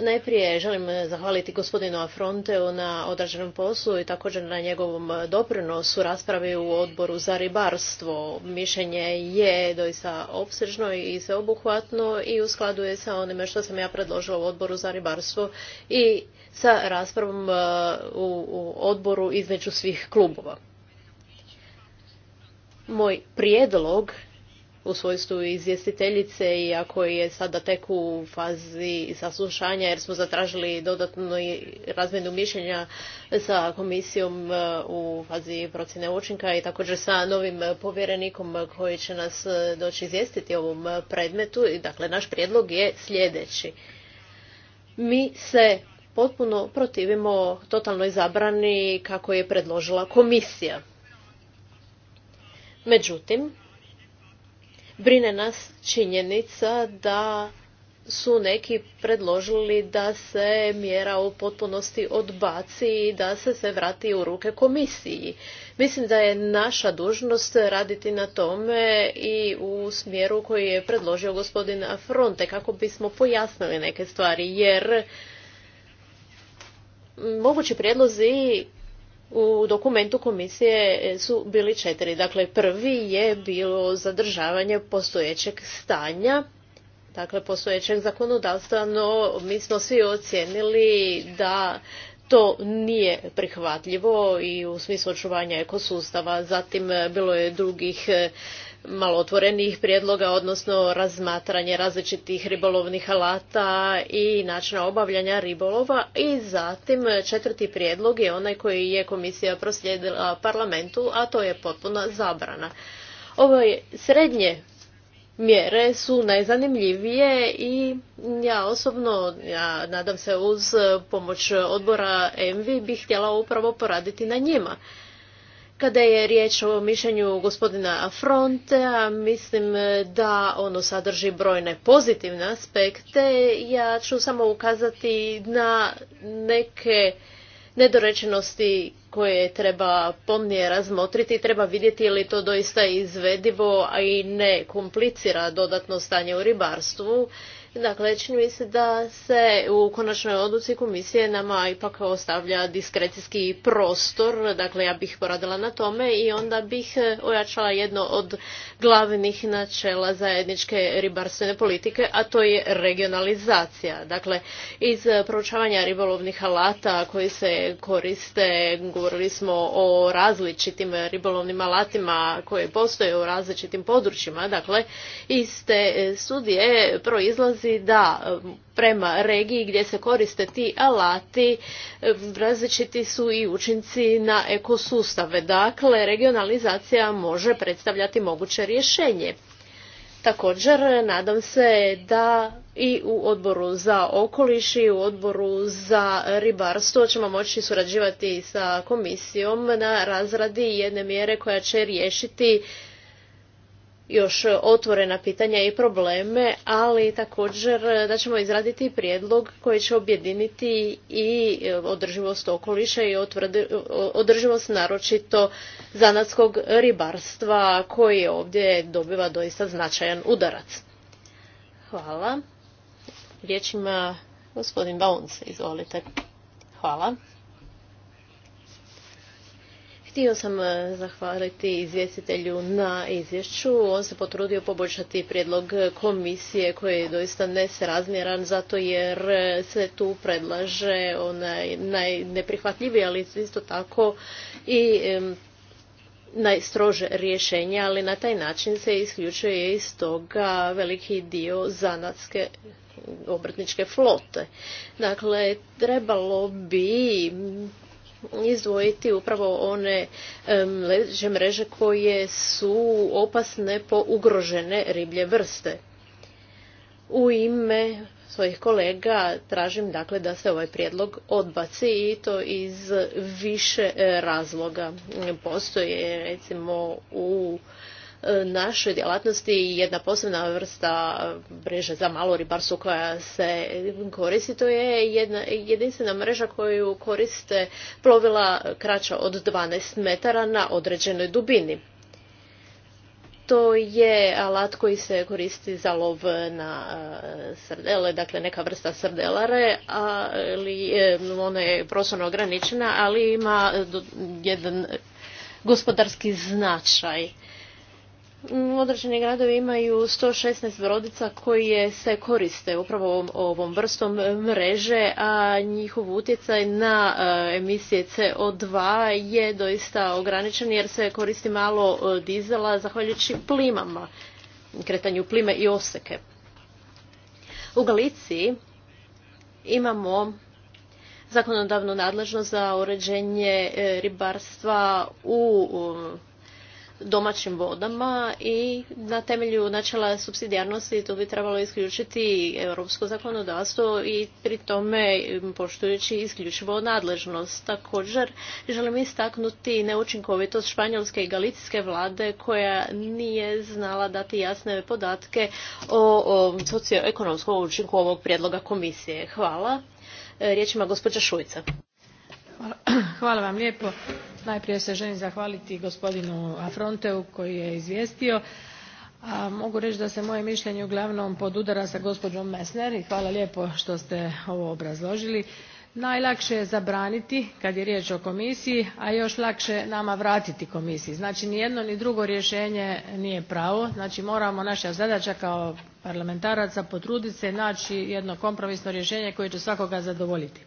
Najprije želim zahvaliti gospodinu Afronteu na odrađenom poslu i također na njegovom doprinosu raspravi u odboru za ribarstvo. Mišljenje je doista opsežno i sveobuhvatno i u skladu je sa onime što sam ja predložila u odboru za ribarstvo i sa raspravom e, u odboru između svih klubova. Moj prijedlog u svojstvu izvjestiteljice iako je sada tek u fazi saslušanja jer smo zatražili dodatnu razmjenu mišljenja sa komisijom e, u fazi procjene učinka i također sa novim povjerenikom koji će nas e, doći izvijestiti o ovom predmetu. Dakle, naš prijedlog je sljedeći. Mi se potpuno protivimo totalnoj zabrani kako je predložila komisija. Međutim, Brine nas činjenica da su neki predložili da se mjera u potpunosti odbaci i da se se vrati u ruke komisiji. Mislim da je naša dužnost raditi na tome i u smjeru koji je predložio gospodin Fronte kako bismo pojasnili neke stvari jer mogući prijedlozi u dokumentu komisije su bili četiri. Dakle, prvi je bilo zadržavanje postojećeg stanja, dakle postojećeg zakonodavstva, no mi smo svi ocijenili da to nije prihvatljivo i u smislu očuvanja ekosustava. Zatim bilo je drugih malo otvorenijih prijedloga, odnosno razmatranje različitih ribolovnih alata i načina obavljanja ribolova. I zatim četvrti prijedlog je onaj koji je komisija proslijedila parlamentu, a to je potpuna zabrana. Ove srednje mjere su najzanimljivije i ja osobno, ja nadam se uz pomoć odbora MV, bih htjela upravo poraditi na njima. Kada je riječ o mišljenju gospodina Frontea, mislim da ono sadrži brojne pozitivne aspekte. Ja ću samo ukazati na neke nedorečenosti koje treba pomnije razmotriti. Treba vidjeti je li to doista izvedivo, a i ne komplicira dodatno stanje u ribarstvu Dakle, čini mi se da se u konačnoj odluci komisije nama ipak ostavlja diskrecijski prostor, dakle ja bih poradila na tome i onda bih e, ojačala jedno od glavnih načela zajedničke ribarstvene politike, a to je regionalizacija. Dakle, iz proučavanja ribolovnih alata koji se koriste, govorili smo o različitim ribolovnim alatima koje postoje u različitim područjima, dakle, iz te studije proizlazi da um, prema regiji gdje se koriste ti alati um, različiti su i učinci na ekosustave. Dakle, regionalizacija može predstavljati moguće rješenje. Također, nadam se da i u odboru za okoliš i u odboru za ribarstvo ćemo moći surađivati sa komisijom na razradi jedne mjere koja će riješiti još otvorena pitanja i probleme, ali također e, da ćemo izraditi prijedlog koji će objediniti i e, održivost okoliša i održivost naročito zanatskog ribarstva koji ovdje dobiva doista značajan udarac. Hvala. Riječ ima gospodin Baunce, izvolite. Hvala. Htio sam e, zahvaliti izvjestitelju na izvješću. On se potrudio poboljšati prijedlog komisije koji je doista nesrazmjeran zato jer e, se tu predlaže onaj najneprihvatljiviji, ali isto tako i najstrože rješenje, ali na taj način se isključuje iz toga veliki dio zanatske obrtničke flote. Dakle, trebalo bi izdvojiti upravo one leđe mreže koje su opasne po ugrožene riblje vrste. U ime svojih kolega tražim dakle da se ovaj prijedlog odbaci i to iz više e, razloga. Postoje recimo u E, našoj djelatnosti i jedna posebna vrsta mreže za malo ribarstvo koja se koristi. To je jedna, jedinstvena mreža koju koriste plovila kraća od 12 metara na određenoj dubini. To je alat koji se koristi za lov na e, srdele, dakle neka vrsta srdelare, ali e, ona je prostorno ograničena, ali ima jedan gospodarski značaj. Određeni gradovi imaju 116 brodica koje se koriste upravo ovom vrstom mreže, a njihov utjecaj na e, emisije CO2 je doista ograničen jer se koristi malo e, dizela zahvaljujući plimama, kretanju plime i oseke. U Galiciji imamo zakonodavnu nadležnost za uređenje e, ribarstva u domaćim vodama i na temelju načela subsidijarnosti to bi trebalo isključiti europsko zakonodavstvo i pri tome poštujući isključivo nadležnost. Također želim istaknuti neučinkovitost španjolske i galicijske vlade koja nije znala dati jasne podatke o, socioekonomskom učinku ovog prijedloga komisije. Hvala. E, riječ ima gospođa Šujca. hvala vam lijepo najprije se želim zahvaliti gospodinu affronteu koji je izvijestio a mogu reći da se moje mišljenje uglavnom podudara sa gospođom meissner i hvala lijepo što ste ovo obrazložili. najlakše je zabraniti kad je riječ o komisiji a još lakše nama vratiti komisiji. znači ni jedno ni drugo rješenje nije pravo. znači moramo naša zadaća kao parlamentaraca potruditi se naći jedno kompromisno rješenje koje će svakoga zadovoljiti.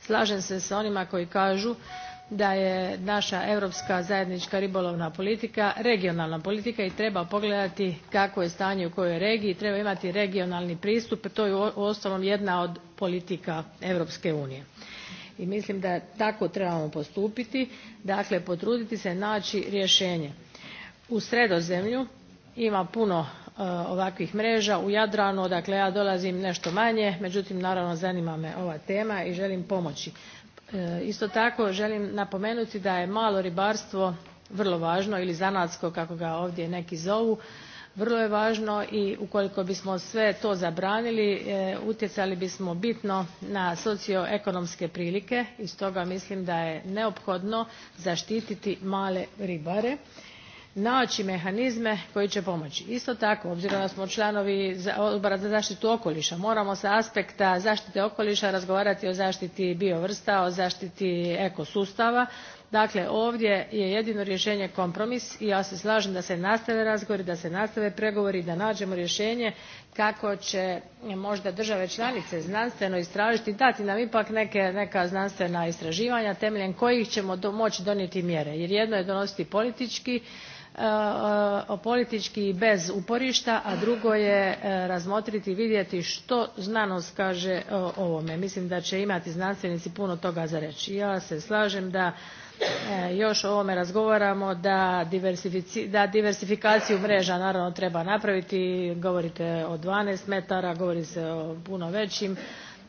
slažem se s onima koji kažu da je naša europska zajednička ribolovna politika regionalna politika i treba pogledati kakvo je stanje u kojoj regiji treba imati regionalni pristup to je uostalom jedna od politika europske unije i mislim da tako trebamo postupiti dakle potruditi se naći rješenje. u sredozemlju ima puno e, ovakvih mreža u jadranu odakle ja dolazim nešto manje međutim naravno zanima me ova tema i želim pomoći. E, isto tako želim napomenuti da je malo ribarstvo vrlo važno ili zanatsko kako ga ovdje neki zovu vrlo je važno i ukoliko bismo sve to zabranili e, utjecali bismo bitno na socioekonomske prilike i stoga mislim da je neophodno zaštititi male ribare naći mehanizme koji će pomoći. isto tako obzirom da smo članovi odbora za zaštitu okoliša moramo s aspekta zaštite okoliša razgovarati o zaštiti biovrsta o zaštiti ekosustava dakle ovdje je jedino rješenje kompromis i ja se slažem da se nastave razgovori da se nastave pregovori da nađemo rješenje kako će možda države članice znanstveno istražiti i dati nam ipak neke, neka znanstvena istraživanja temeljem kojih ćemo moći donijeti mjere jer jedno je donositi politički E, e, politički bez uporišta a drugo je e, razmotriti i vidjeti što znanost kaže o ovome. mislim da će imati znanstvenici puno toga za reći. ja se slažem da još o ovome razgovaramo da diversifikaciju mreža naravno treba napraviti govorite o dvanaest metara govori se o puno većim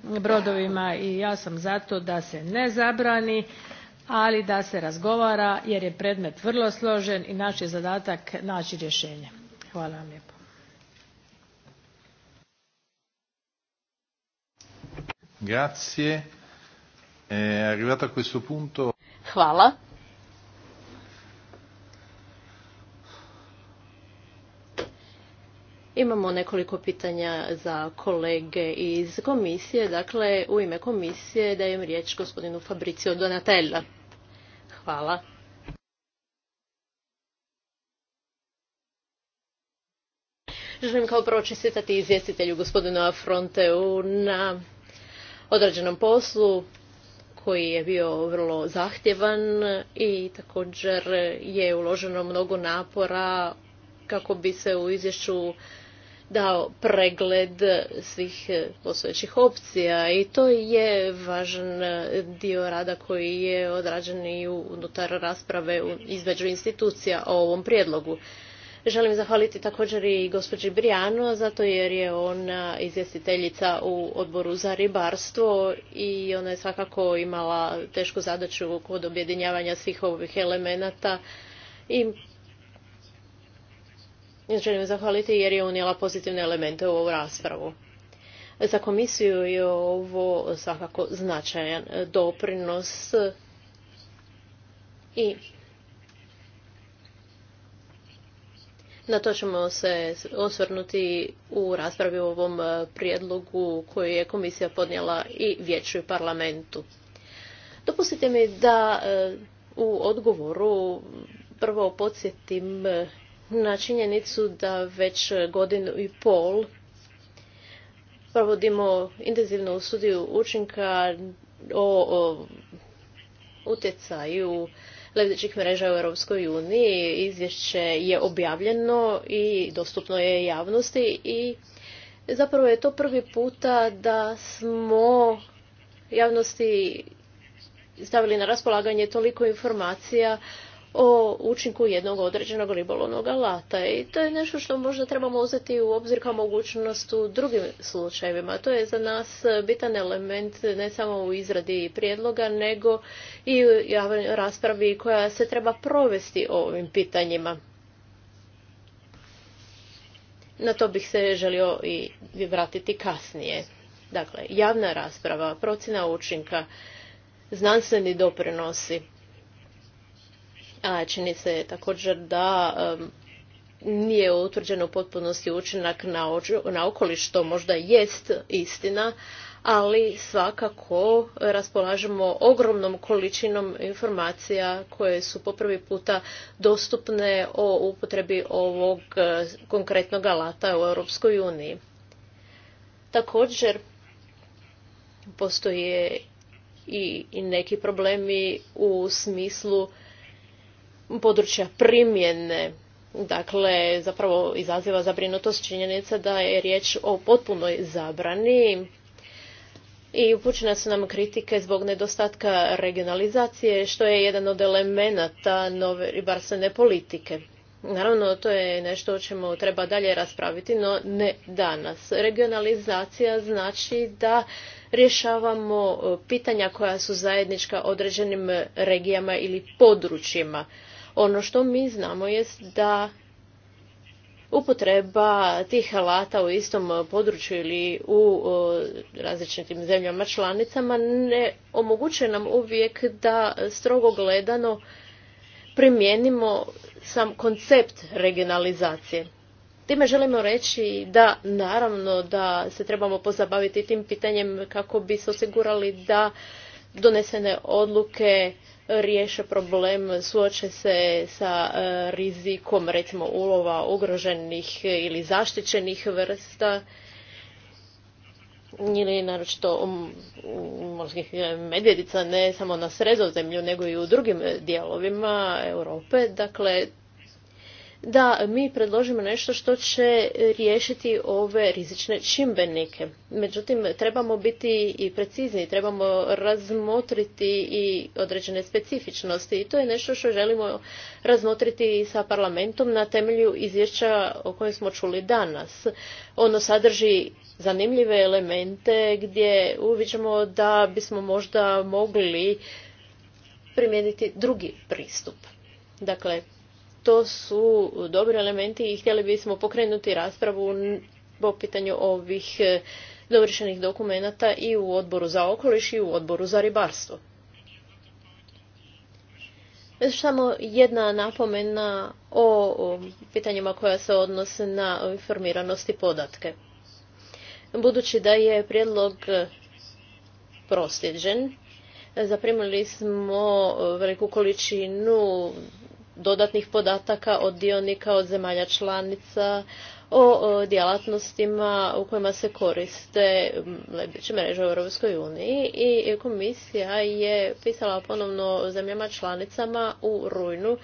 brodovima i ja sam za to da se ne zabrani ali da se razgovara jer je predmet vrlo složen i naš je zadatak naći rješenje. hvala vam lijepo. Hvala. Imamo nekoliko pitanja za kolege iz komisije. Dakle, u ime komisije dajem riječ gospodinu Fabricio Donatella. Hvala. Želim kao prvo čestitati izvjestitelju gospodinu Afronteu na odrađenom poslu koji je bio vrlo zahtjevan i također je uloženo mnogo napora kako bi se u izvješću dao pregled svih e, postojećih opcija i to je važan e, dio rada koji je odrađen i unutar rasprave između institucija o ovom prijedlogu. Želim zahvaliti također i gospođi Brijano, zato jer je ona izvjestiteljica u odboru za ribarstvo i ona je svakako imala tešku zadaću kod objedinjavanja svih ovih elemenata i želim zahvaliti jer je unijela pozitivne elemente u ovu raspravu. Za komisiju je ovo svakako značajan e, doprinos i Na to ćemo se osvrnuti u raspravi u ovom e, prijedlogu koji je komisija podnijela i vijeću i parlamentu. Dopustite mi da e, u odgovoru prvo podsjetim na činjenicu da već godinu i pol provodimo intenzivnu studiju učinka o, utjecaju lebdećih mreža u Europskoj uniji. Izvješće je objavljeno i dostupno je javnosti i zapravo je to prvi puta da smo javnosti stavili na raspolaganje toliko informacija o učinku jednog određenog ribolovnog alata. I to je nešto što možda trebamo uzeti u obzir kao mogućnost u drugim slučajevima. To je za nas bitan element ne samo u izradi prijedloga, nego i u javnoj raspravi koja se treba provesti o ovim pitanjima. Na to bih se želio i vratiti kasnije. Dakle, javna rasprava, procjena učinka, znanstveni doprinosi. A čini se također da nije utvrđeno u potpunosti učinak na okoliš, što možda jest istina, ali svakako raspolažemo ogromnom količinom informacija koje su po prvi puta dostupne o upotrebi ovog e, konkretnog alata u Europskoj uniji. Također postoje i neki problemi u smislu područja primjene Dakle, zapravo izaziva zabrinutost činjenica da je riječ o potpunoj zabrani i upućene su nam kritike zbog nedostatka regionalizacije, što je jedan od elemenata nove ribarstvene politike. Naravno, to je nešto o čemu treba dalje raspraviti, no ne danas. Regionalizacija znači da rješavamo e, pitanja koja su zajednička određenim regijama ili područjima ono što mi znamo jest da upotreba tih alata u istom području ili u različitim zemljama članicama ne omogućuje nam uvijek da strogo gledano primijenimo sam koncept regionalizacije. Time želimo reći da naravno da se trebamo pozabaviti tim pitanjem kako bi se osigurali da donesene odluke riješe problem, suoče se sa e, rizikom recimo ulova ugroženih ili zaštićenih vrsta ili naročito morskih e, medvjedica ne samo na sredozemlju nego i u drugim dijelovima Europe. Dakle, da mi predložimo nešto što će riješiti ove rizične čimbenike. Međutim, trebamo biti i precizni, trebamo razmotriti i određene specifičnosti i to je nešto što želimo razmotriti sa parlamentom na temelju izvješća o kojem smo čuli danas. Ono sadrži zanimljive elemente gdje uviđamo da bismo možda mogli primijeniti drugi pristup. Dakle, to su dobri elementi i htjeli bismo pokrenuti raspravu po pitanju ovih e, dovršenih dokumenata i u odboru za okoliš i u odboru za ribarstvo. samo jedna napomena o pitanjima koja se odnose na informiranost i podatke. Budući da je prijedlog prosljeđen, zaprimili smo veliku količinu dodatnih podataka od dionika, od zemalja članica, o djelatnostima u kojima se koriste lebdeće mreže u Europskoj uniji i komisija je pisala ponovno zemljama članicama u rujnu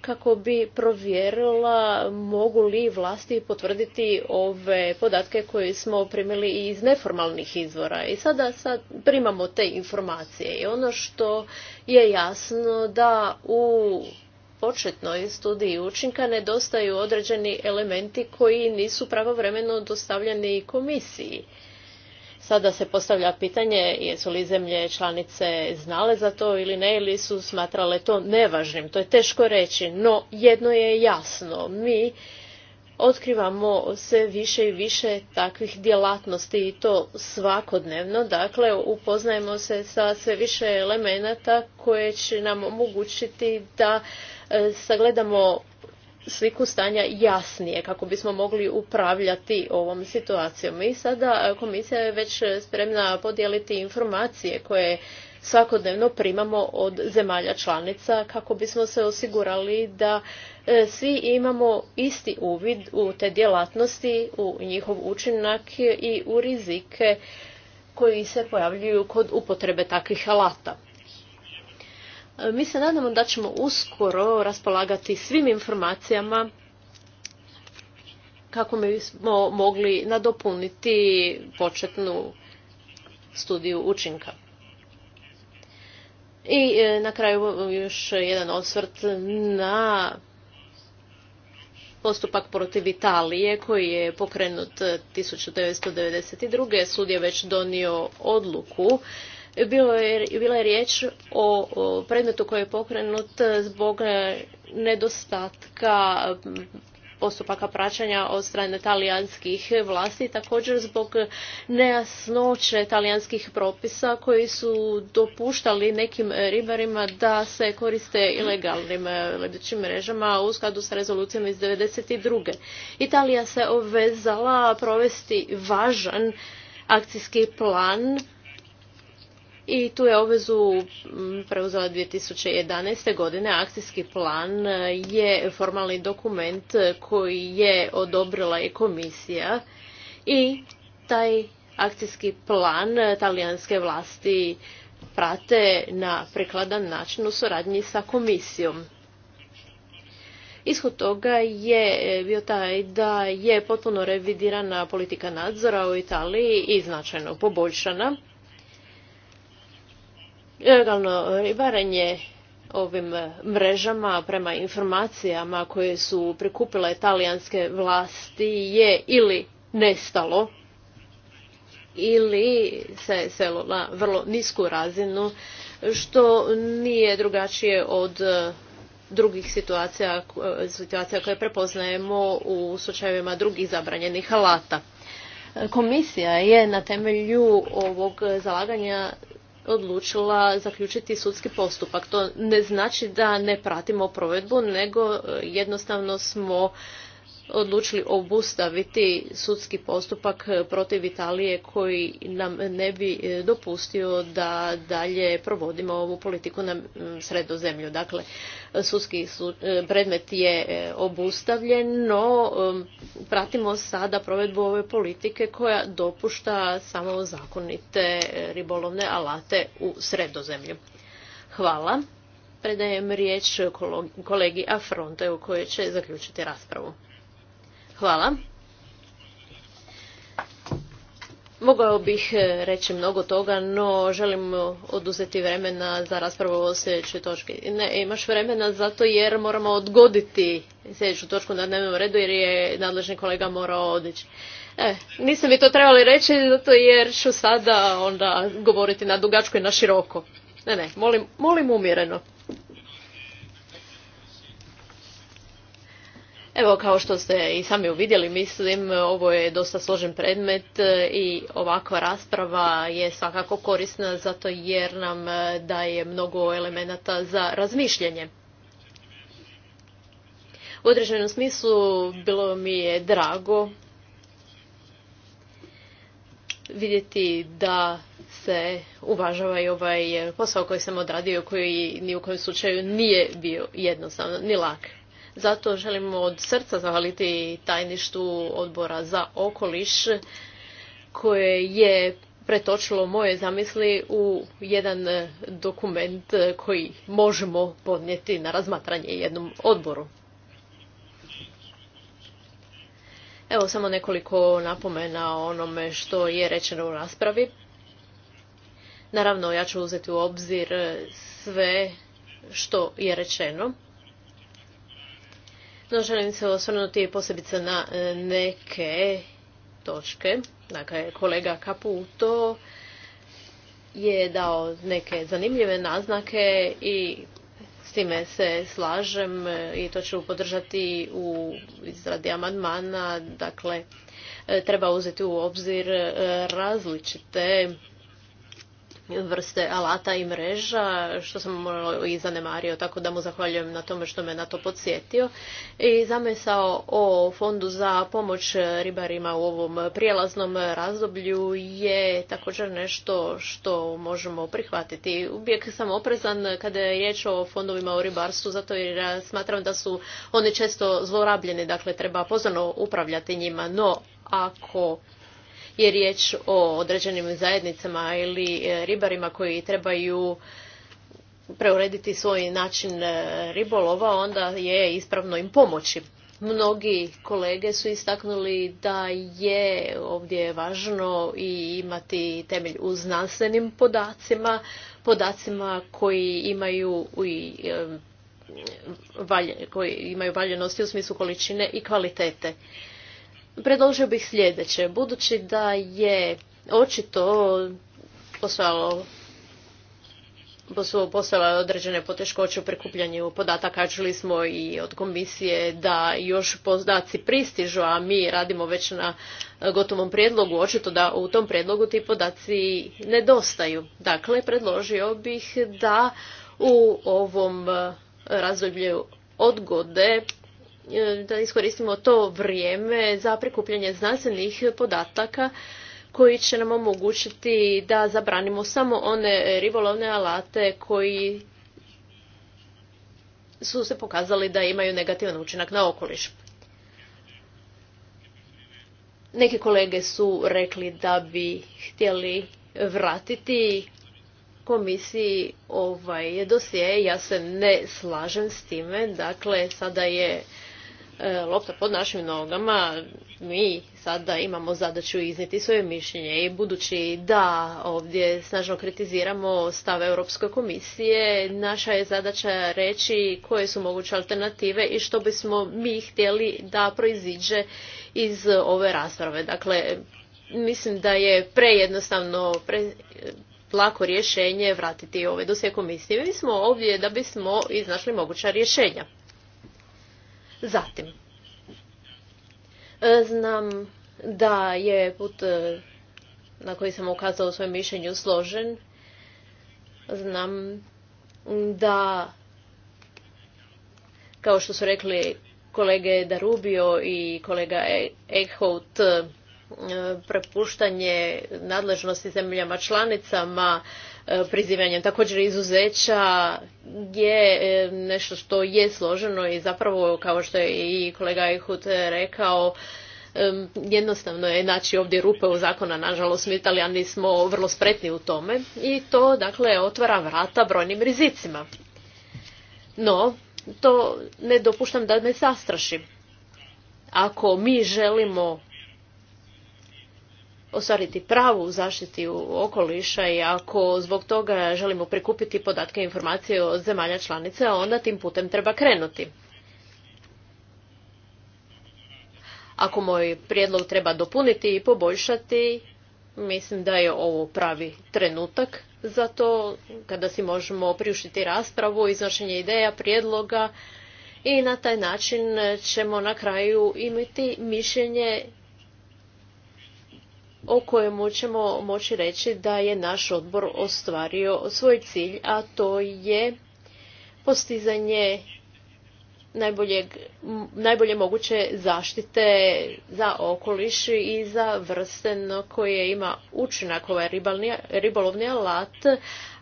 kako bi provjerila mogu li vlasti potvrditi ove podatke koje smo primili iz neformalnih izvora. I sada sad primamo te informacije i ono što je jasno da u početnoj studiji učinka nedostaju određeni elementi koji nisu pravovremeno dostavljeni komisiji. Sada se postavlja pitanje jesu li zemlje članice znale za to ili ne ili su smatrale to nevažnim. To je teško reći, no jedno je jasno. Mi otkrivamo sve više i više takvih djelatnosti i to svakodnevno. Dakle, upoznajemo se sa sve više elemenata koje će nam omogućiti da e, sagledamo sliku stanja jasnije kako bismo mogli upravljati ovom situacijom. I sada e, komisija je već spremna podijeliti informacije koje svakodnevno primamo od zemalja članica kako bismo se osigurali da e, svi imamo isti uvid u te djelatnosti, u njihov učinak i u rizike koji se pojavljuju kod upotrebe takvih alata. E, mi se nadamo da ćemo uskoro raspolagati svim informacijama kako mi smo mogli nadopuniti početnu studiju učinka. I e, na kraju još jedan osvrt na postupak protiv Italije koji je pokrenut 1992. Sud je već donio odluku bilo je, bila je riječ o, predmetu koji je pokrenut zbog e, nedostatka postupaka praćanja od strane talijanskih vlasti, također zbog nejasnoće talijanskih propisa koji su dopuštali nekim ribarima da se koriste ilegalnim e, ledućim mrežama u skladu sa rezolucijama iz 1992. Italija se obvezala provesti važan akcijski plan i tu je obvezu mm, preuzela 2011. godine. Akcijski plan e, je formalni dokument koji je odobrila i komisija i taj akcijski plan e, talijanske vlasti prate na prekladan način u suradnji sa komisijom. Ishod toga je e, bio taj da je potpuno revidirana politika nadzora u Italiji i značajno poboljšana. Ilegalno ribarenje ovim eh, mrežama prema informacijama koje su prikupile talijanske vlasti je ili nestalo ili se selo na vrlo nisku razinu što nije drugačije od eh, drugih situacija, eh, situacija koje prepoznajemo u slučajevima drugih zabranjenih alata. Komisija je na temelju ovog zalaganja odlučila zaključiti sudski postupak. To ne znači da ne pratimo provedbu, nego e, jednostavno smo odlučili obustaviti sudski postupak protiv Italije koji nam ne bi e, dopustio da dalje provodimo ovu politiku na sredozemlju. Dakle, sudski e, predmet je e, obustavljen, no pratimo sada provedbu ove politike koja dopušta samo zakonite ribolovne alate u sredozemlju. Hvala. Predajem riječ kolegi Afronteu koji će zaključiti raspravu. Hvala. Mogao bih e, reći mnogo toga, no želim oduzeti vremena za raspravu o sljedećoj točki. Ne, imaš vremena zato jer moramo odgoditi sljedeću točku na dnevnom redu jer je nadležni kolega morao odići. E, nisam mi to trebali reći zato jer ću sada onda govoriti na dugačko i na široko. Ne, ne, molim, molim umjereno. Evo, kao što ste i sami uvidjeli, mislim, ovo je dosta složen predmet e, i ovakva rasprava je svakako korisna zato jer nam e, daje mnogo elemenata za razmišljanje. U određenom smislu bilo mi je drago vidjeti da se uvažava i ovaj posao koji sam odradio koji ni u kojem slučaju nije bio jednostavno ni lak. Zato želimo od srca zahvaliti tajništu odbora za okoliš koje je pretočilo moje zamisli u jedan dokument koji možemo podnijeti na razmatranje jednom odboru. Evo samo nekoliko napomena o onome što je rečeno u raspravi. Naravno, ja ću uzeti u obzir sve što je rečeno. No, želim se osvrnuti posebice na e, neke točke. Dakle, kolega Kaputo je dao neke zanimljive naznake i s time se slažem e, i to ću podržati u izradi amandmana. Dakle, e, treba uzeti u obzir različite vrste alata i mreža, što sam malo i zanemario, tako da mu zahvaljujem na tome što me na to podsjetio. I zamisao o fondu za pomoć ribarima u ovom prijelaznom razdoblju je također nešto što možemo prihvatiti. Uvijek sam oprezan kada je riječ o fondovima u ribarstvu, zato jer smatram da su oni često zlorabljeni, dakle treba pozorno upravljati njima, no ako je riječ o određenim zajednicama ili e, ribarima koji trebaju preurediti svoj način e, ribolova, onda je ispravno im pomoći. Mnogi kolege su istaknuli da je ovdje važno i imati temelj u znanstvenim podacima, podacima koji imaju i e, koji imaju valjenosti u smislu količine i kvalitete predložio bih sljedeće. Budući da je očito poslalo su određene poteškoće u prikupljanju podataka. Čuli smo i od komisije da još podaci pristižu, a mi radimo već na gotovom prijedlogu. Očito da u tom prijedlogu ti podaci nedostaju. Dakle, predložio bih da u ovom razdoblju odgode E, da iskoristimo to vrijeme za prikupljanje znanstvenih podataka koji će nam omogućiti da zabranimo samo one ribolovne alate koji su se pokazali da imaju negativan učinak na okoliš. Neki kolege su rekli da bi htjeli vratiti komisiji ovaj dosije. Ja se ne slažem s time. Dakle, sada je E, lopta pod našim nogama, mi sada imamo zadaću izniti svoje mišljenje i budući da ovdje snažno kritiziramo stav Europske komisije, naša je zadaća reći koje su moguće alternative i što bismo mi htjeli da proiziđe iz ove rasprave. Dakle, mislim da je prejednostavno pre, lako rješenje vratiti ove ovaj dosje komisije. Mi smo ovdje da bismo iznašli moguća rješenja. Zatim, znam da je put e, na koji sam ukazao u svojem mišljenju složen. Znam da, kao što su rekli kolege Darubio i kolega Eichhout, e, prepuštanje nadležnosti zemljama članicama E, prizivanjem također izuzeća je e, nešto što je složeno i zapravo kao što je i kolega Ihut rekao e, jednostavno je naći ovdje rupe u zakona, nažalost mi italijani smo vrlo spretni u tome i to dakle otvara vrata brojnim rizicima. No, to ne dopuštam da me sastraši. Ako mi želimo ostvariti pravu zaštiti okoliša i ako zbog toga želimo prikupiti podatke i informacije od zemalja članice, onda tim putem treba krenuti. Ako moj prijedlog treba dopuniti i poboljšati, mislim da je ovo pravi trenutak za to, kada si možemo priuštiti raspravu, iznošenje ideja, prijedloga i na taj način ćemo na kraju imati mišljenje o kojemu ćemo moći reći da je naš odbor ostvario svoj cilj, a to je postizanje najbolje, moguće zaštite za okoliš i za vrste koje ima učinak ovaj ribolovni alat,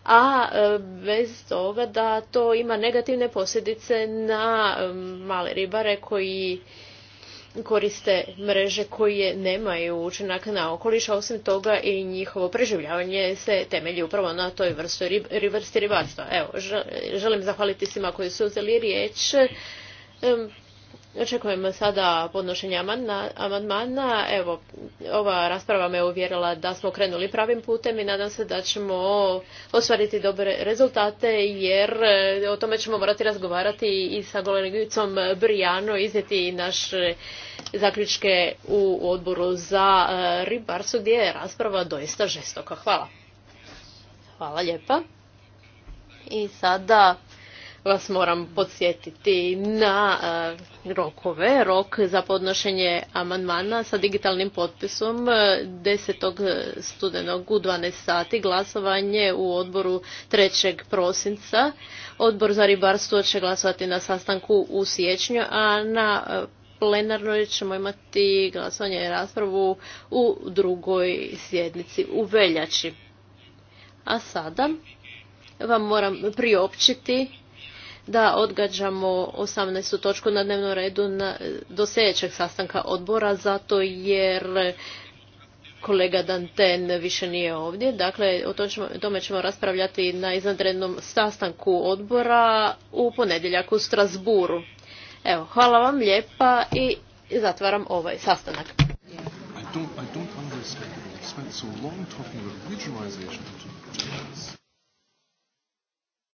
a e, bez toga da to ima negativne posljedice na male ribare koji koriste mreže koje nemaju učinak na okoliš, a osim toga i njihovo preživljavanje se temelji upravo na toj vrsti, vrsti ribarstva. Evo, želim zahvaliti svima koji su uzeli riječ. Očekujem sada podnošenje amandmana. Evo, ova rasprava me uvjerila da smo krenuli pravim putem i nadam se da ćemo ostvariti dobre rezultate jer e, o tome ćemo morati razgovarati i sa kolegicom Brijano iznijeti naše zaključke u odboru za e, ribarstvo gdje je rasprava doista žestoka. Hvala. Hvala lijepa. I sada vas moram podsjetiti na eh, rokove. Rok za podnošenje amandmana sa digitalnim potpisom 10. Eh, studenog u 12 sati, glasovanje u odboru 3. prosinca. Odbor za ribarstvo će glasovati na sastanku u siječnju, a na eh, plenarnoj ćemo imati glasovanje i raspravu u drugoj sjednici u veljači. A sada vam moram priopćiti da odgađamo 18. točku na dnevnom redu na, do sljedećeg sastanka odbora, zato jer kolega Danten više nije ovdje. Dakle, o tome ćemo raspravljati na izvanrednom sastanku odbora u ponedjeljak u Strasburu. Evo, hvala vam lijepa i zatvaram ovaj sastanak.